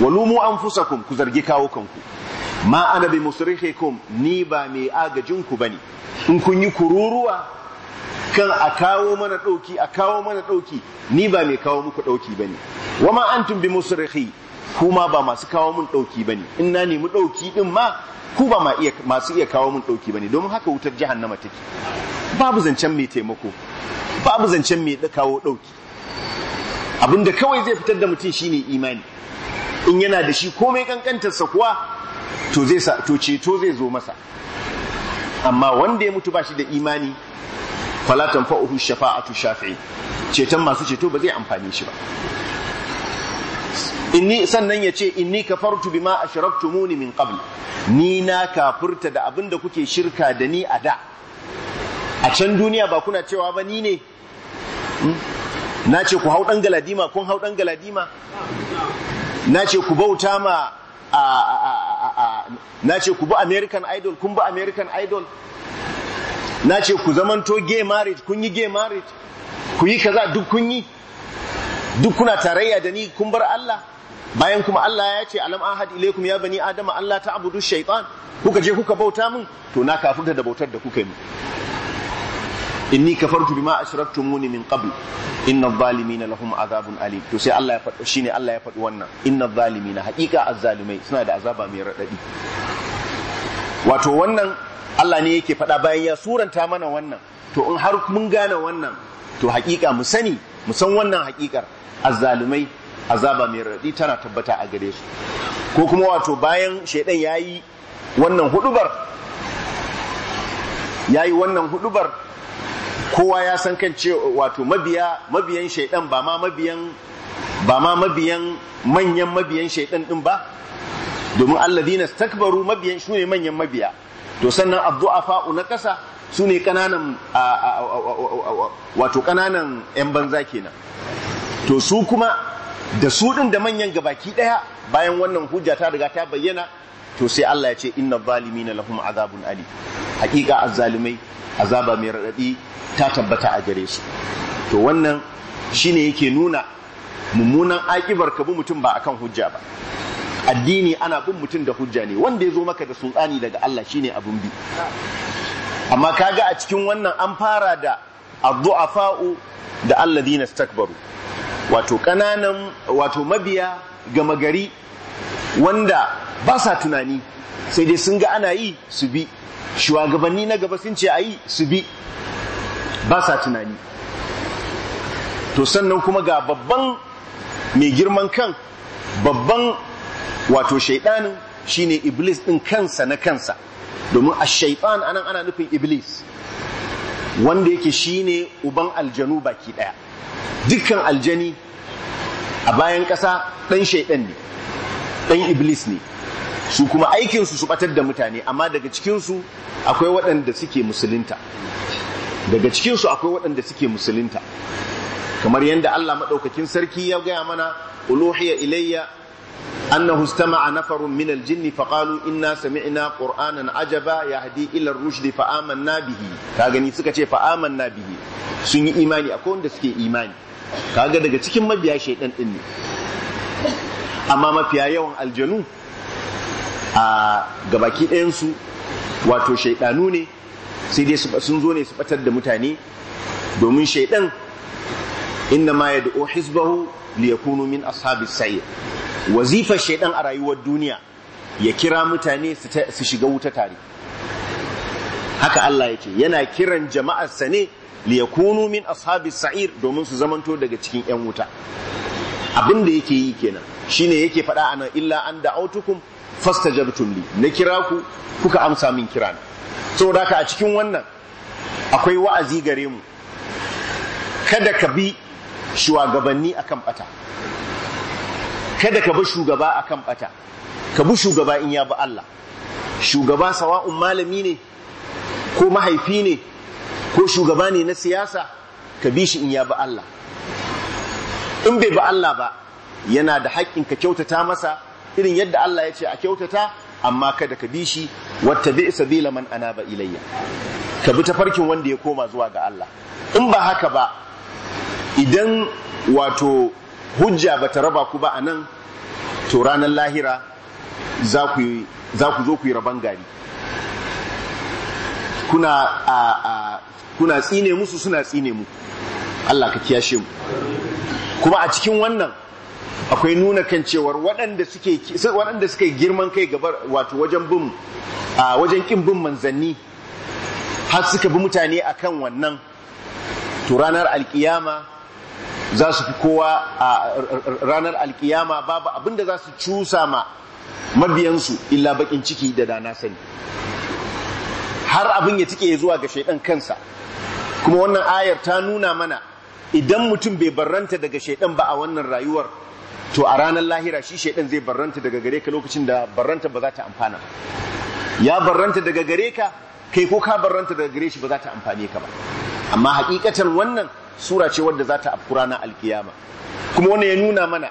walumu anfusakum ku zargi kawo kanku ma ana bi musrihikum ni ba mai agajin ku bane in kun yi kururuwa kan a kawo mana dauki a kawo mana dauki ni ba mai kawo muku dauki bane wama antum bi musrihi ku ma ba masu kawo mun ɗauki ba ne in na nemi ɗauki ɗin ma ku ba masu iya kawo mun ɗauki ba ne domin haka wutar jahannama take babu zancen mai taimako babu zancen mai kawo ɗauki abinda kawai zai fitar da mutum shine imani in yana da shi komai sa kuwa to zai to ceto zai zo masa amma wanda ya mutu ba shi da imani fala tanfa'uhu shafa'atu shafi'i ceton masu ceto ba zai amfane shi ba inni sannan ya ce inni kafartu bima ashraktumuni min qabl ni na kafurta da abin da kuke shirka da ni a da a can duniya ba kuna cewa ba ni ne hmm? na ce ku hau dan galadima kun hau dan galadima na ce ku bauta ma na ce ku bi American Idol kun bi American Idol na ce ku zamanto gay marriage kun yi gay marriage ku yi kaza duk kun yi duk kuna tarayya da ni kun bar Allah bayan kuma Allah ya ce alam ahad ilaikum ya bani adama Allah ta abudu shaytan kuka je kuka bauta min to na kafirta da bautar da kuka yi inni kafartu bima ashraktumuni min qabl inna adh-dhalimina lahum adhabun alim to sai Allah ya faɗo shine Allah ya faɗi wannan inna adh-dhalimina haqiqa azzalimai suna da azaba mai radadi wato wannan Allah ne yake faɗa bayan ya suranta mana wannan to in har mun gane wannan to haƙiƙa mu sani mu san wannan haƙiƙar azzalumai azaba mai raɗi tana tabbata a gare su ko kuma wato bayan shaidan ya yi wannan hudubar ya yi wannan hudubar kowa ya san kan ce wato mabiya mabiyan shaidan ba ma mabiyan ba ma mabiyan manyan mabiyan shaidan din ba domin alladhina stakbaru mabiyan su ne manyan mabiya to sannan abdu'afa na kasa su ne kananan wato kananan yan banza kenan to su kuma da su din da manyan gabaki daya bayan wannan hujja ta riga ta bayyana to sai Allah ya ce inna zalimina lahum azabun ali hakika azzalimai azaba mai radadi ta tabbata a gare su to wannan shine yake nuna mummunan akibar ka bi mutum ba akan hujja ba addini ana bin mutum da hujja ne wanda ya zo maka da sultani daga Allah shine abun bi amma kaga a cikin wannan an fara da addu'afa'u da alladhina istakbaru wato kananan wato mabiya gama gari wanda ba sa tunani sai dai sun ga ana yi su bi shugabanni na gaba sun ce a yi su bi ba sa tunani to sannan kuma ga babban mai girman kan babban wato shaidanin shine iblis din kansa na kansa domin a Shaifan anan ana nufin iblis wanda yake shine uban aljanu baki daya dukkan aljani a bayan ƙasa ɗan shaidan ne ɗan iblis ne su kuma aikinsu su batar da mutane amma daga cikinsu akwai waɗanda suke musulunta daga cikinsu akwai waɗanda suke musulunta kamar yadda Allah maɗaukakin sarki ya gaya mana uluhiya ilayya أنه استمع نفر من الجن فقالوا إنا سمعنا قرآنا عجبا يهدي إلى الرشد فآمنا به كاغني سكتي فآمنا به سني إيماني أكون دسكي إيماني kaga daga cikin mabiya shaidan din amma mafiya yawan aljanu a gabaki ɗayansu wato shaidanu ne sai dai sun zo ne su batar da mutane domin shaidan inna ma yad'u hizbahu liyakunu min ashabis sa'ir wazifar shaidan a rayuwar duniya ya kira mutane su shiga wuta tare haka Allah ya ce yana kiran jama'arsa ne liyakunu min ashabi sa'ir domin su zamanto daga cikin 'yan wuta abin da yake yi kenan shine yake faɗa anan illa an da autukum fastajabtum li na kira ku kuka amsa min kira na saboda ka a cikin wannan akwai wa'azi gare mu kada ka bi shugabanni akan bata kada ka bi shugaba a kan bata ka bi shugaba in ya bi Allah shugaba sawa'un malami ne ko mahaifi ne ko shugaba ne na siyasa ka bi shi in ya bi Allah in bai bi Allah ba yana da haƙƙin ka kyautata masa irin yadda Allah ya ce a kyautata amma kada ka bi shi wata bi sabila man ba ilayya ka bi tafarkin wanda ya koma zuwa ga Allah in ba haka ba idan wato hujja ba ta raba ku ba a nan to ranar lahira za ku zo ku yi raban gari kuna tsine musu suna tsine mu Allah ka kiyashe mu kuma a cikin wannan akwai nuna kan cewar waɗanda suke waɗanda girman kai gabar wato wajen bin a wajen kin bin manzanni har suka bi mutane akan wannan to ranar alkiyama za su fi kowa a ranar alkiyama babu abin da za su cusa ma mabiyansu illa bakin ciki da dana sani har abin ya tike zuwa ga shaidan kansa kuma wannan ayar ta nuna mana idan mutum bai barranta daga shaidan ba a wannan rayuwar to a ranar lahira shi shaidan zai barranta daga gare ka lokacin da barranta ba za ta amfana ya barranta daga gare ka kai ko ka barranta daga gare shi ba za ta amfane ka ba amma hakikatan wannan sura ce wadda za ta afku ranar alkiyama kuma wani ya nuna mana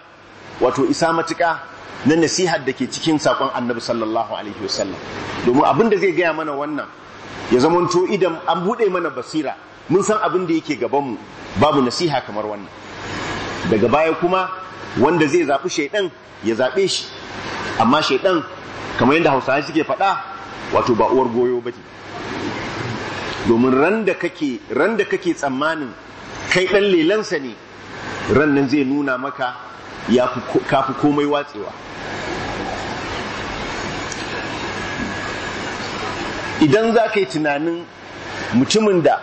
wato isa matuka na nasihar da ke cikin saƙon annabi sallallahu alaihi wasallam domin abin da zai gaya mana wannan ya zamanto idan an buɗe mana basira mun san abin da yake gabanmu babu nasiha kamar wannan daga baya kuma wanda zai zaɓi shaiɗan ya zaɓe shi amma shaiɗan kamar yadda hausawa suke faɗa wato ba uwar goyo ba ce domin ran da kake tsammanin kai ɗan lelansa ne ran nan zai nuna maka ya kafi komai watsewa idan za ka yi tunanin mutumin da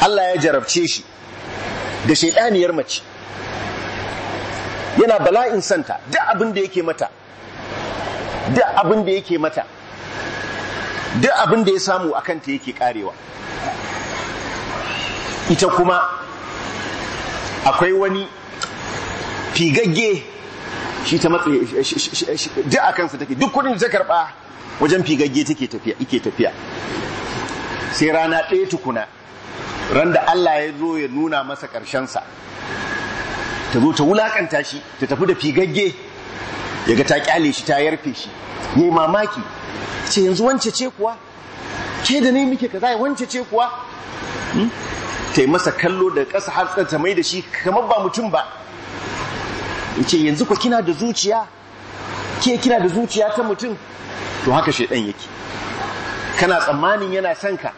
Allah ya jarabce shi da shaidaniyar mace yana bala'in santa duk abin da yake mata duk abin da yake mata duk abin da ya samu a kanta yake karewa ita kuma akwai wani figagge shi ta matsaye duk a kansa take duk kudin ta karba wajen figagge take tafiya ike tafiya sai rana ɗaya tukuna ran da Allah ya zo ya nuna masa ƙarshensa ta zo ta wulaƙanta shi ta tafi da figagge ya ga ta ƙyale shi ta yarfe shi ya yi mamaki ce yanzu wance ce kuwa ke da ne muke ka kaza wance ce kuwa hmm? ta yi masa kallo da ƙasa har ta mai da shi kamar ba mutum ba yace yanzu ku kina da zuciya ke kina da zuciya ta mutum to haka shaidan yake kana tsammanin yana son ka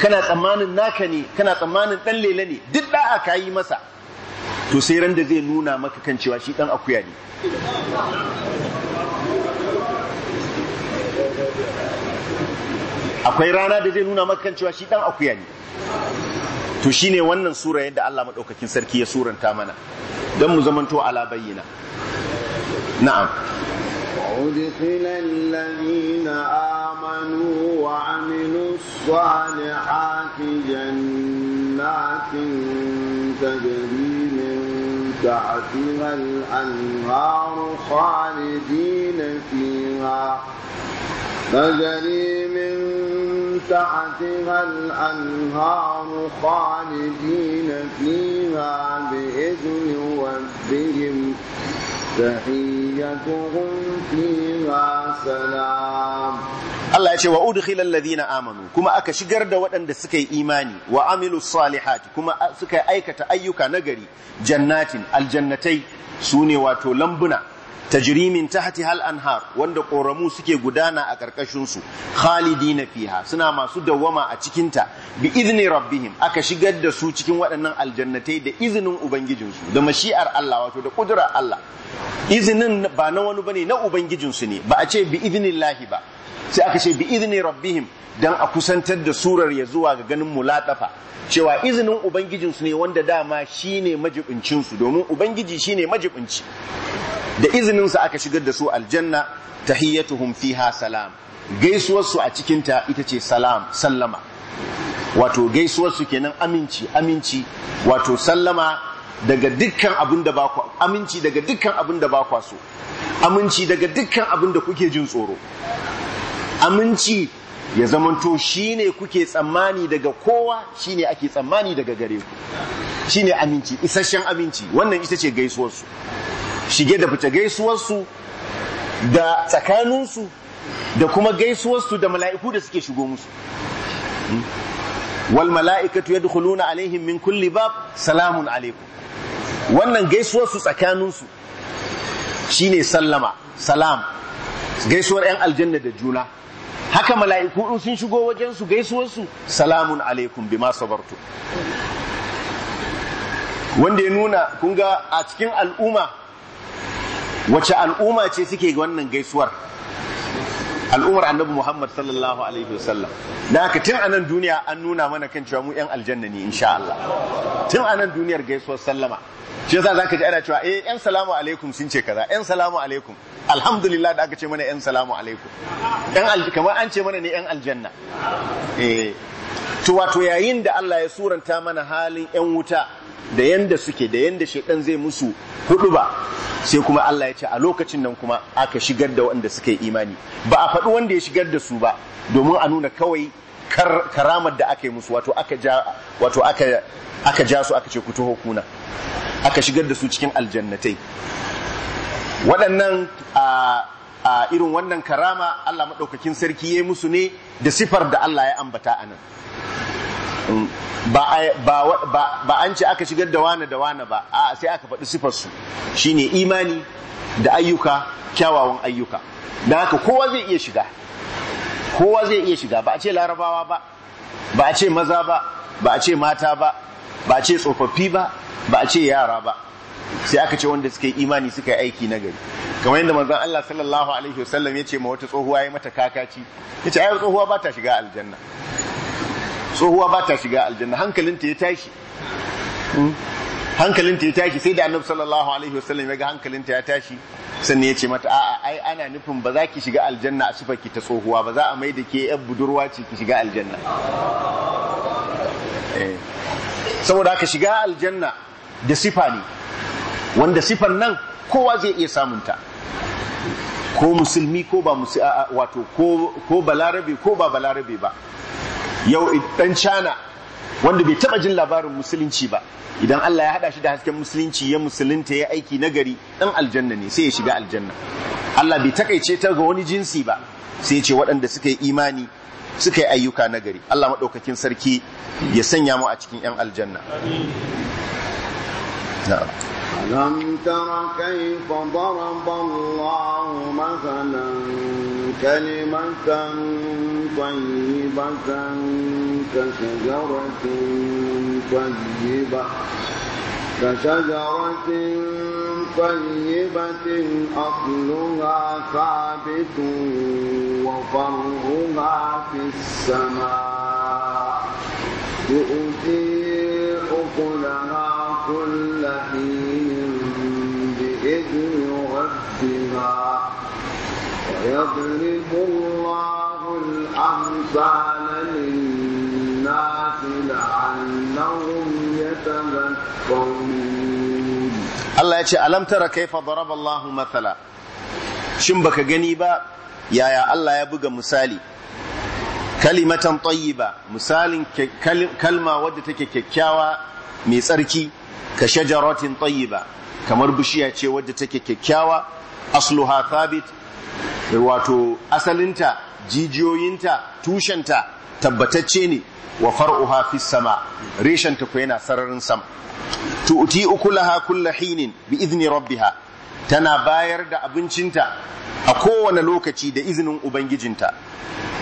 kana tsammanin naka ne kana tsammanin dan lele ne duk da'a ka yi masa to sai ran da zai nuna maka kan cewa shi dan akuya ne akwai rana da zai nuna maka kan cewa shi dan akuya ne to shine wannan sura yadda Allah maɗaukakin sarki ya suranta mana don mu zamanto ala bayyana na'am وأدخل الذين آمنوا وعملوا الصالحات جنات تجري من تحتها الأنهار خالدين فيها تجري من تحتها الأنهار خالدين فيها بإذن ربهم تحيتهم فيها سلام Allah ya ce wa udkhilal ladina amanu kuma aka shigar da waɗanda suka yi imani wa amilu salihati kuma suka aikata ayyuka nagari jannatin aljannatai sune wato lambuna tajrimin tahti hal anhar wanda koramu suke gudana a karkashin su khalidina fiha suna masu dawwama a cikin ta bi izni rabbihim aka shigar da su cikin waɗannan aljannatai da izinin ubangijin su da mashi'ar Allah wato da kudura Allah izinin ba na wani bane na ubangijin su ne ba a ce bi idnillahi ba sai aka ce bi izni rabbihim dan a kusantar da surar ya zuwa ga ganin mulatafa cewa izinin ubangijinsu ne wanda dama shine majibincinsu domin ubangiji shine majibinci da izininsa aka shigar da su aljanna tahiyyatuhum fiha salam gaisuwarsu a cikinta ita ce salam sallama wato gaisuwarsu kenan aminci aminci wato sallama daga dukkan abin da ba aminci daga dukkan abin da ba so aminci daga dukkan abin da kuke jin tsoro aminci ya zamanto ne kuke tsammani daga kowa shi ne ake tsammani daga gare ku Shi ne aminci isasshen aminci wannan ita ce gaisuwarsu shige da fita gaisuwarsu da tsakaninsu da kuma gaisuwarsu da mala'iku da suke shigo musu hmm? wal mala'ikatu yadkhuluna alaihim min kulli bab salamun alaikum wannan gaisuwarsu tsakaninsu shine sallama salam gaisuwar 'yan aljanna da juna haka mala'iku ɗin sun shigo wajen su gaisuwarsu? salamun alaikum bima sabartu wanda ya nuna kun ga a cikin al'umma wace al'umma ce suke wannan gaisuwar al'ummar annabi Muhammad sallallahu alaihi wasallam da haka tun anan duniya an nuna mana kan cewa mu yan aljanna ne insha Allah tun anan duniyar gaisuwar sallama shi yasa zaka ji ana cewa eh yan salamu alaikum sun ce kaza yan salamu alaikum alhamdulillah da aka ce mana yan salamu alaikum yan kamar an ce mana ne yan aljanna eh to wato yayin da Allah ya suranta mana halin yan wuta da yanda suke da yanda shaidan zai musu hudu ba sai kuma Allah ya ce a lokacin nan kuma aka shigar da wanda suka yi imani ba a faɗi wanda ya shigar da su ba domin a nuna kawai karamar da aka yi musu wato aka ja wato aka aka ja su aka ce ku taho kuna aka shigar da su cikin aljannatai waɗannan a irin wannan karama Allah maɗaukakin sarki ya yi musu ne da sifar da Allah ya ambata anan. ba an ce aka shigar da wane da wane ba a sai aka faɗi sifarsu shine imani da ayyuka kyawawan ayyuka da haka kowa zai iya shiga kowa zai iya shiga ba a ce larabawa ba ba a ce maza ba ba a ce mata ba ba a ce tsofaffi ba ba a ce yara ba sai aka ce wanda suka yi imani suka yi aiki na gari kamar yadda manzon Allah sallallahu alaihi wasallam ya ce ma wata tsohuwa ya mata kakaci ya ce ai tsohuwa ba ta shiga aljanna tsohuwa ba ta shiga aljanna hankalinta ya tashi hmm? hankalinta ya tashi sai da annabi sallallahu alaihi wasallam ya ga hankalinta ya tashi sannan ya ce mata a'a ai ana nufin ba za ki shiga aljanna a sifar ki ta tsohuwa ba za a mai da ke yan budurwa ce ki shiga aljanna eh. saboda haka shiga aljanna da sifa ne wanda sifan nan kowa zai iya samunta ko musulmi ko ba wato ko balarabe ko ba balarabe ba yau dan cana wanda bai taba jin labarin musulunci ba idan Allah ya hada shi da hasken musulunci ya musulunta ya aiki nagari dan aljanna ne sai ya shiga aljanna Allah bai takaice ta ga wani jinsi ba sai ya ce waɗanda suka yi imani suka yi ayyuka nagari Allah maɗaukakin sarki ya sanya mu a cikin 'yan aljanna كلمة طيبة كشجرة طيبة كشجرة طيبة أصلها ثابت وفرعها في السماء تؤتي أكلها كل حين بإذن ربها يضرب الله الأمثال للناس لعلهم يتذكرون الله يقول ألم ترى كيف ضرب الله مثلا shin baka gani ba yaya Allah ya buga misali kalimatan tayyiba misalin kalma wadda take kyakkyawa mai tsarki ka shajaratin tayyiba kamar bishiya ce wadda take kyakkyawa asluha thabit wato asalinta jijiyoyinta tushenta tabbatacce ne wa far'uha fi sama reshenta ku yana sararin sama tu'ti ukulaha kulla hinin bi izni rabbiha tana bayar da abincinta a kowane lokaci da izinin ubangijinta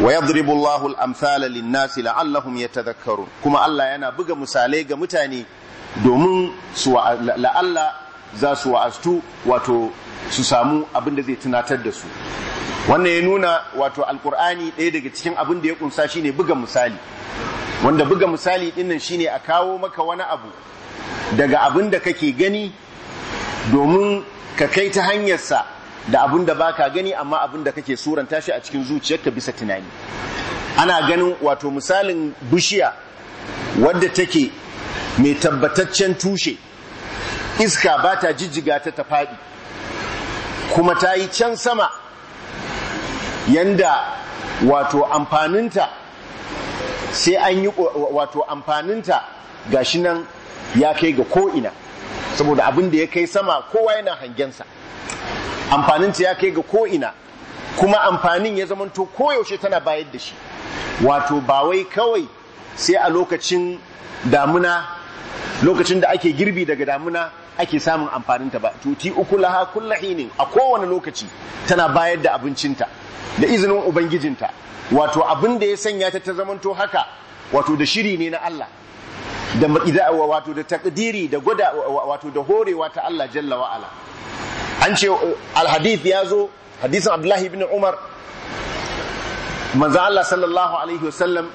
wa yadribu Allahu al-amthala lin-nasi la'allahum yatadhakkarun kuma Allah yana buga misalai ga mutane domin su la'alla za su wa'astu wato su samu abin da zai tunatar da su wannan ya nuna wato alkur'ani ɗaya daga cikin abin da ya kunsa shine buga misali wanda buga misali dinnan shine a kawo maka wani abu daga abin da kake gani domin ka kai ta hanyarsa da abin da baka gani amma abin da kake suranta shi a cikin zuciyarka bisa tunani ana ganin wato misalin bishiya wadda take mai tabbataccen tushe iska ba ta jijjiga ta ta faɗi kuma ta yi can sama yanda wato amfaninta sai an yi wato amfaninta gashi nan ya kai ga ko'ina saboda abin da ya kai sama kowa yana hangensa amfaninta ya kai ga ko'ina kuma amfanin ya zamanto koyaushe tana bayar da shi wato ba wai kawai sai a lokacin damuna lokacin da ake girbi daga damuna ake samun amfaninta ba tuti uku laha kulla hinin a kowane lokaci tana bayar da abincinta da izinin ubangijinta wato abin da ya sanya ta ta zamanto haka wato da shiri ne na Allah da wato da takdiri da gwada wato da horewa ta Allah jalla wa ala an ce hadith ya zo hadisin Abdullahi ibn Umar manzo Allah sallallahu alaihi wasallam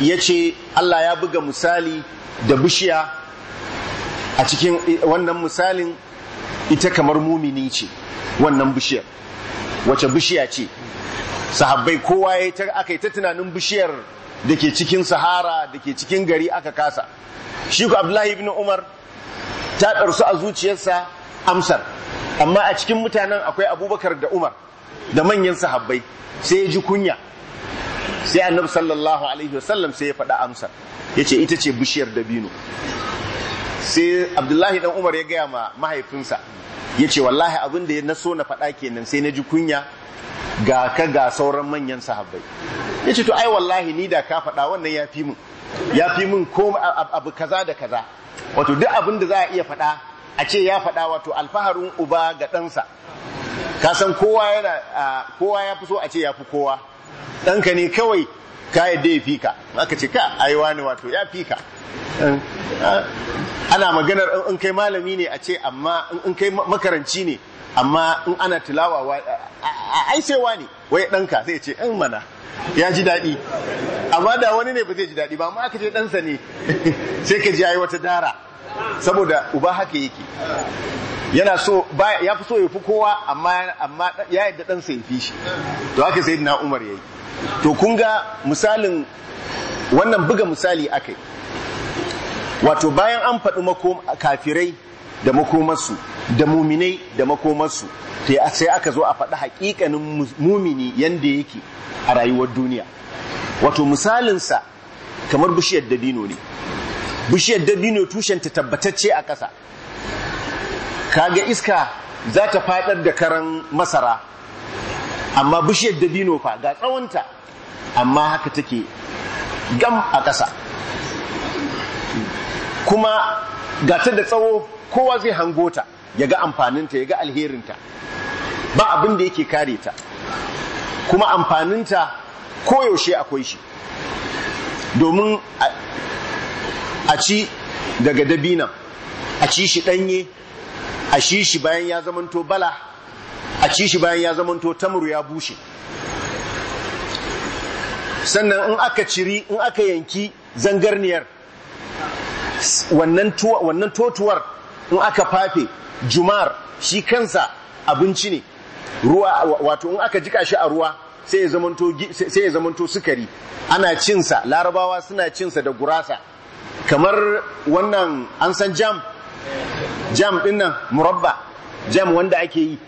ya ce Allah ya buga misali da bishiya a cikin wannan misalin ita kamar mumini ce wannan bishiyar wace bishiya ce sahabbai kowa ya ta aka yi ta tunanin bishiyar da ke cikin sahara da ke cikin gari aka kasa shi ku abdullahi ibn umar ta ɗarsu a zuciyarsa amsar amma a cikin mutanen akwai abubakar da umar da manyan sahabbai sai ya ji kunya sai annabi sallallahu alaihi wasallam sai ya faɗa amsar ya ce ita ce bishiyar dabino sai abdullahi dan umar ya gaya ma mahaifinsa ya ce wallahi abin da na so na faɗa kenan sai na ji kunya ga ka ga sauran manyan sahabbai ya ce to ai wallahi ni da ka faɗa wannan ya fi mun ya fi mun ko abu kaza da kaza wato duk abin da za a iya faɗa a ce ya faɗa wato alfaharin uba ga ɗansa ka san kowa yana kowa ya fi so a ce ya fi kowa ɗanka ne kawai ka yadda ya fi ka aka ce ka ai wani wato ya fi ka Eh, ana maganar in kai malami ne a ce amma in kai makaranci ne amma in ana tilawa a aisewa ne wai ɗanka zai ce in eh, mana ya ji daɗi amma da wani ne ba zai ji daɗi ba amma aka ce ɗansa ne sai ka ji ya yi wata dara saboda uba haka yake yana so ya fi so ya fi kowa amma ya yadda ɗansa ya fi shi to haka sai na umar ya yi to kun ga misalin wannan buga misali aka yi wato bayan an faɗi kafirai da makomarsu da muminai da makomarsu sai aka zo a faɗi haƙiƙanin mumini yanda yake a rayuwar duniya wato misalinsa kamar bishiyar dabino ne bishiyar dabino tushenta tabbatacce a ƙasa kaga iska za ta faɗar da karan masara amma bishiyar dabino fa ga tsawonta amma haka take gam a ƙasa kuma ga ta da tsawo kowa zai hango ta ya ga amfaninta ya ga alherinta ba abin da yake kare ta kuma amfaninta koyaushe akwai shi domin a ci daga dabinan a ci shi ɗanye a ci shi bayan ya zamanto bala a ci shi bayan ya zamanto tamur ya bushe sannan in aka ciri in aka yanki zangarniyar wannan totuwar in aka fafe jumar shi kansa abinci ne ruwa wato in aka jika shi a ruwa sai ya zamanto sukari ana cinsa larabawa suna cinsa da gurasa kamar wannan an san jam jam dinnan murabba jam wanda ake yi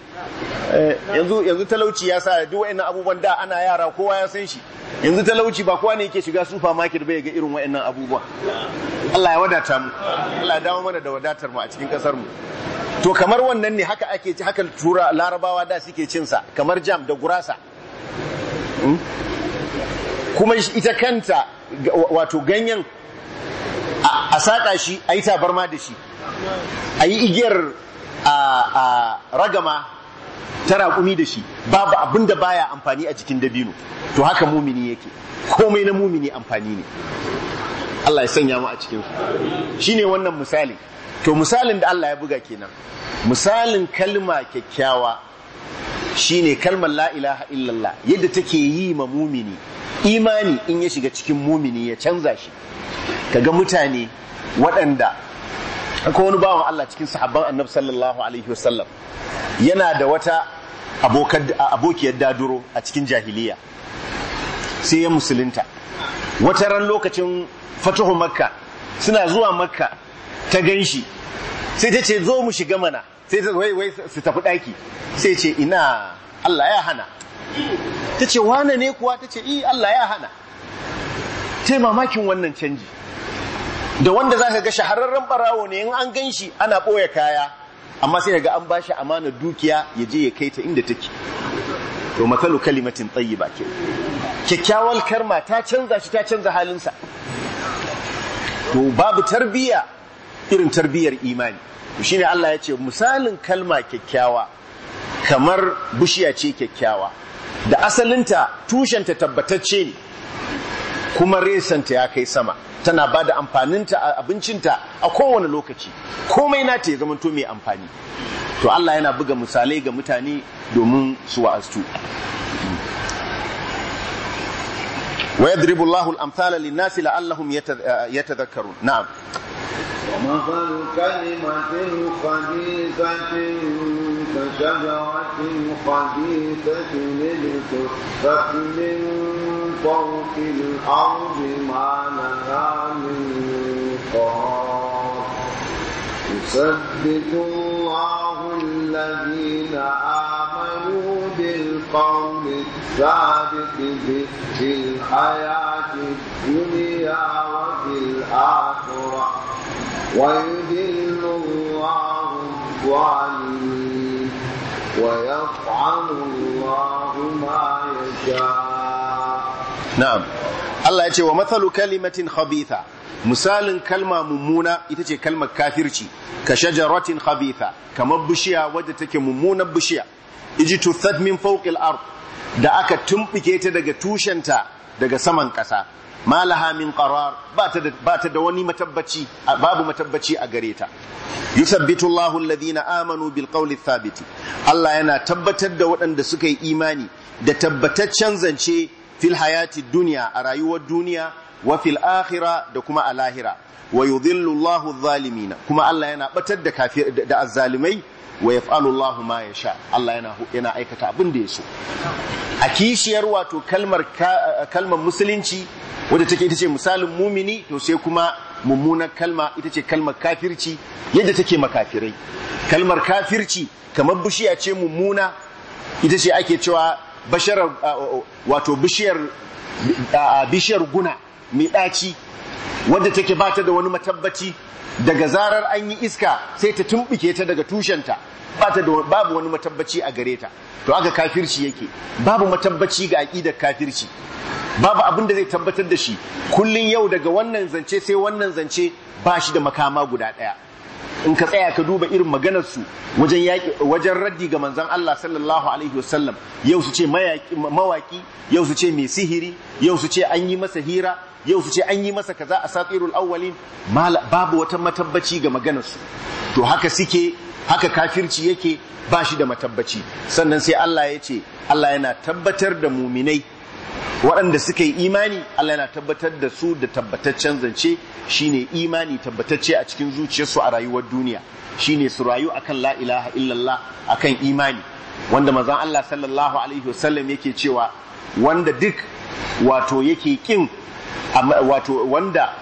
Eh, yanzu yanzu talauci ya sa duk wayannan abubuwan da ana yara kowa ya san shi yanzu talauci ba kowa ne yake shiga supermarket ba ya ga irin wayannan abubuwa Allah ya wadata mu Allah ya dawo mana da wadatar mu a cikin kasar mu to kamar wannan ne haka ake ci haka tura larabawa da suke cin sa kamar jam da gurasa hmm? kuma ita kanta wato ganyen a saka shi a yi tabarma da shi a yi igiyar a ragama ta raƙumi da shi babu abin da baya amfani a jikin dabino to haka mumini yake komai na mumini amfani ne Allah ya sanya mu a cikin su shine wannan misali to misalin da Allah ya buga kenan misalin kalma kyakkyawa shine kalmar la ilaha illallah yadda take yi ma mumini imani in ya shiga cikin mumini ya canza shi kaga mutane waɗanda akwai wani bawan Allah cikin sahabban annabi sallallahu alaihi wasallam yana da wata abokiyar daduro a cikin jahiliya sai ya musulunta wata ran lokacin fatuhu makka suna zuwa makka ta ganshi sai ta ce zo mu shiga mana sai ta wai wai su tafi daki sai ce ina Allah ya hana ta ce wane ne kuwa ta ce i Allah ya hana ta mamakin wannan canji da wanda za ka ga shahararren barawo ne in an gan shi ana ɓoye kaya amma sai ga an bashi amanar dukiya ya je ya kai ta inda take to makalu kalimatin tayyiba ke kyakkyawar karma ta canza shi ta canza halinsa to babu tarbiya irin tarbiyar imani to shine Allah ya ce misalin kalma kyakkyawa kamar bishiya ce kyakkyawa da asalinta tushenta tabbatacce ne kuma resanta ya kai sama tana ba da amfaninta a abincinta a kowane lokaci komai na ta ya zama to mai amfani to Allah yana buga misalai ga mutane domin su wa'astu wa yadribu Allahul al-amthala lin-nasi la'allahum yatadhakkarun na'am ومثل كلمة خبيثة كشجرة سلطا الأرض ما لها من قرار يثبت الله الذين آمنوا بالقول الثابت في الحياة الدنيا وفي الآخرة ويذل الله الظالمين ويفعل الله ما يشاء na'am Allah ya ce wa mathalu kalimatin khabitha misalin kalma mummuna ita ce kalmar kafirci ka shajaratin khabitha kamar bishiya wadda take mummunar bishiya iji tuthad min fawqil ard da aka tumbike ta daga tushenta daga saman ƙasa malaha min qarar ba ta da wani matabbaci babu matabbaci a gare ta yuthabbitu Allahu alladhina amanu bil qawli thabiti Allah yana tabbatar da waɗanda suka yi imani da tabbataccen zance fil hayati duniya a rayuwar duniya wa fil akhira da kuma a lahira wa yudhillu Allahu na. kuma Allah yana batar da kafir da azzalimai wa yaf'alu Allahu ma yasha Allah yana aikata abin da ya so. a kishiyar wato kalmar kalmar musulunci wadda take ita ce misalin mumini to sai kuma mummunar kalma ita ce kalmar kafirci yadda take makafirai kalmar kafirci kamar bishiya ce mummuna ita ce ake cewa bashar uh, wato bishiyar uh, uh, bishiyar guna mai ɗaci wadda take bata da wani matabbaci daga zarar an yi iska sai ta tumɓuke ta daga tushenta Bata ta da babu wani matabbaci a gare ta to aka kafirci yake babu matabbaci ga aƙidar kafirci babu abin da zai tabbatar da shi kullun yau daga wannan zance sai wannan zance ba shi da makama guda ɗaya in ka tsaya ka duba irin maganar su wajen yaki wajen raddi ga manzon Allah sallallahu alaihi wasallam yau su ce mawaki yau su ce mai sihiri yau su ce an yi masa hira yau su ce an yi masa kaza a satirul awwalin babu wata matabbaci ga maganar su to haka suke haka kafirci yake ba shi da matabbaci sannan sai Allah ya ce Allah yana tabbatar da muminai waɗanda suka yi imani Allah yana tabbatar da su da tabbataccen zance shine imani tabbatacce a cikin zuciyarsu a rayuwar duniya shine su rayu akan la ilaha illallah akan imani wanda mazan Allah sallallahu alaihi wasallam yake cewa wanda duk wato yake kin wato wanda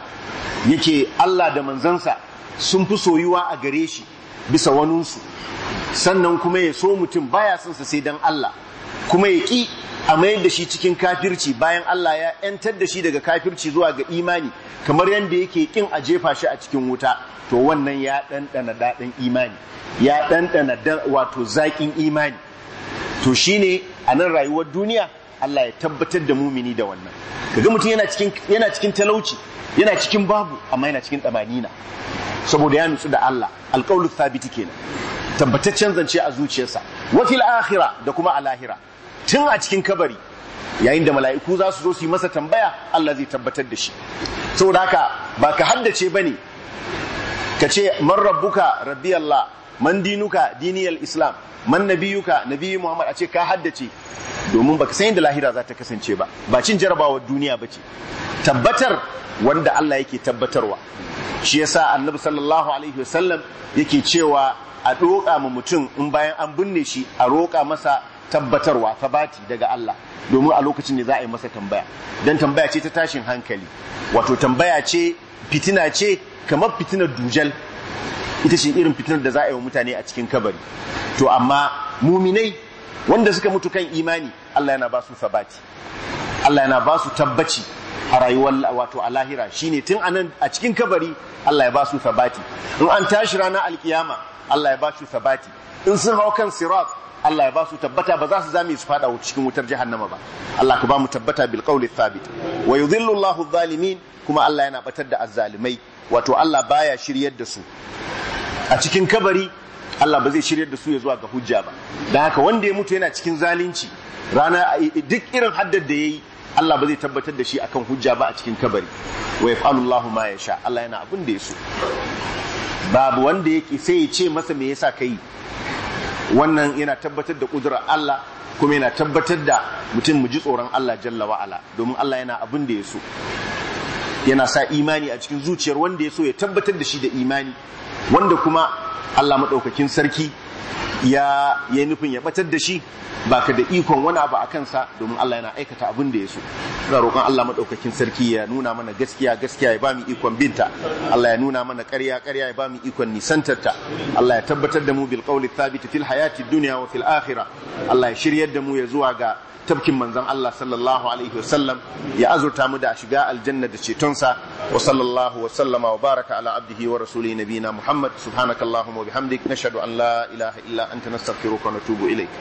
yake Allah da manzansa sun fi soyuwa a gare shi bisa waninsu sannan kuma ya so mutum baya son sa sai dan Allah kuma ya ƙi a mayar da shi cikin kafirci bayan Allah ya ‘yantar da shi daga kafirci zuwa ga imani kamar yadda yake ƙin a jefa shi a cikin wuta to wannan ya ɗanɗana daɗin imani ya ɗanɗana wato zaƙin imani to shi a nan rayuwar duniya Allah ya tabbatar da mumini da wannan kaga mutum yana cikin yana cikin talauci yana cikin babu amma yana cikin tsamanina saboda ya nutsu da Allah alqaulu thabiti kenan tabbataccen zance a zuciyarsa wa fil akhirah da kuma a lahira tun a cikin kabari yayin da mala'iku za su zo su yi masa tambaya Allah zai tabbatar da shi saboda haka ba ka haddace ba ne ka ce man rabbuka rabbi Allah man dinuka diniyar islam man nabiyuka nabiyu muhammad a ce ka haddace domin baka san yadda lahira za ta kasance ba ba cin jarabawar duniya ba ce tabbatar wanda Allah yake tabbatarwa shi yasa annabi sallallahu alaihi wasallam yake cewa a doka ma mutum in bayan an binne shi a roƙa masa tabbatarwa sabati daga Allah domin a lokacin ne za a yi masa tambaya don tambaya ce ta tashin hankali wato tambaya ce fitina ce kamar fitinar dujal ita ce irin fitinar da za a yi wa mutane a cikin kabari to amma muminai wanda suka mutu kan imani Allah yana ba su sabati Allah yana ba su tabbaci a rayuwar wato a lahira shine tun anan a cikin kabari Allah ya ba su sabati in an tashi ranar alkiyama Allah ya ba su sabati in sun hau kan sirat Allah ya ba su tabbata ba za su zame su fada cikin wutar jahannama ba Allah ka ba mu tabbata bil qawli thabit wa yudhillu Allahu zalimin kuma Allah yana batar da azzalimai wato Allah baya shiryar da su a cikin kabari Allah ba zai shiryar da su ya zuwa ga hujja ba dan haka wanda ya mutu yana cikin zalunci rana duk irin haddar da yayi Allah ba zai tabbatar da shi akan hujja ba a cikin kabari wa yaf'alu Allahu ma yasha Allah yana abin da ya so babu wanda yake sai ya ce masa me yasa kai wannan yana tabbatar da ƙudurar Allah kuma yana tabbatar da mutum mu ji tsoron Allah jalla wa'ala domin Allah yana abin da ya so yana sa imani a cikin zuciyar wanda ya so ya tabbatar da shi da imani wanda kuma Allah maɗaukakin sarki ya ya nufin ya batar da shi ba ka da ikon wani abu a kansa domin Allah yana aikata abin da ya so ina roƙon Allah maɗaukakin sarki ya nuna mana gaskiya gaskiya ya ba mu ikon binta Allah ya nuna mana ƙarya ƙarya ya bamu ikon nisantarta Allah ya tabbatar da mu bil qawli thabit fil hayati duniya wa fil akhirah Allah ya shiryar da mu ya zuwa ga tafkin manzon Allah sallallahu alaihi wasallam ya azurta mu da shiga aljanna da cetonsa wa sallallahu wa sallama wa baraka ala abdihi wa rasuli nabina Muhammad subhanakallahumma wa bihamdik nashhadu an la ilaha illa anta nastaghfiruka wa natubu ilaik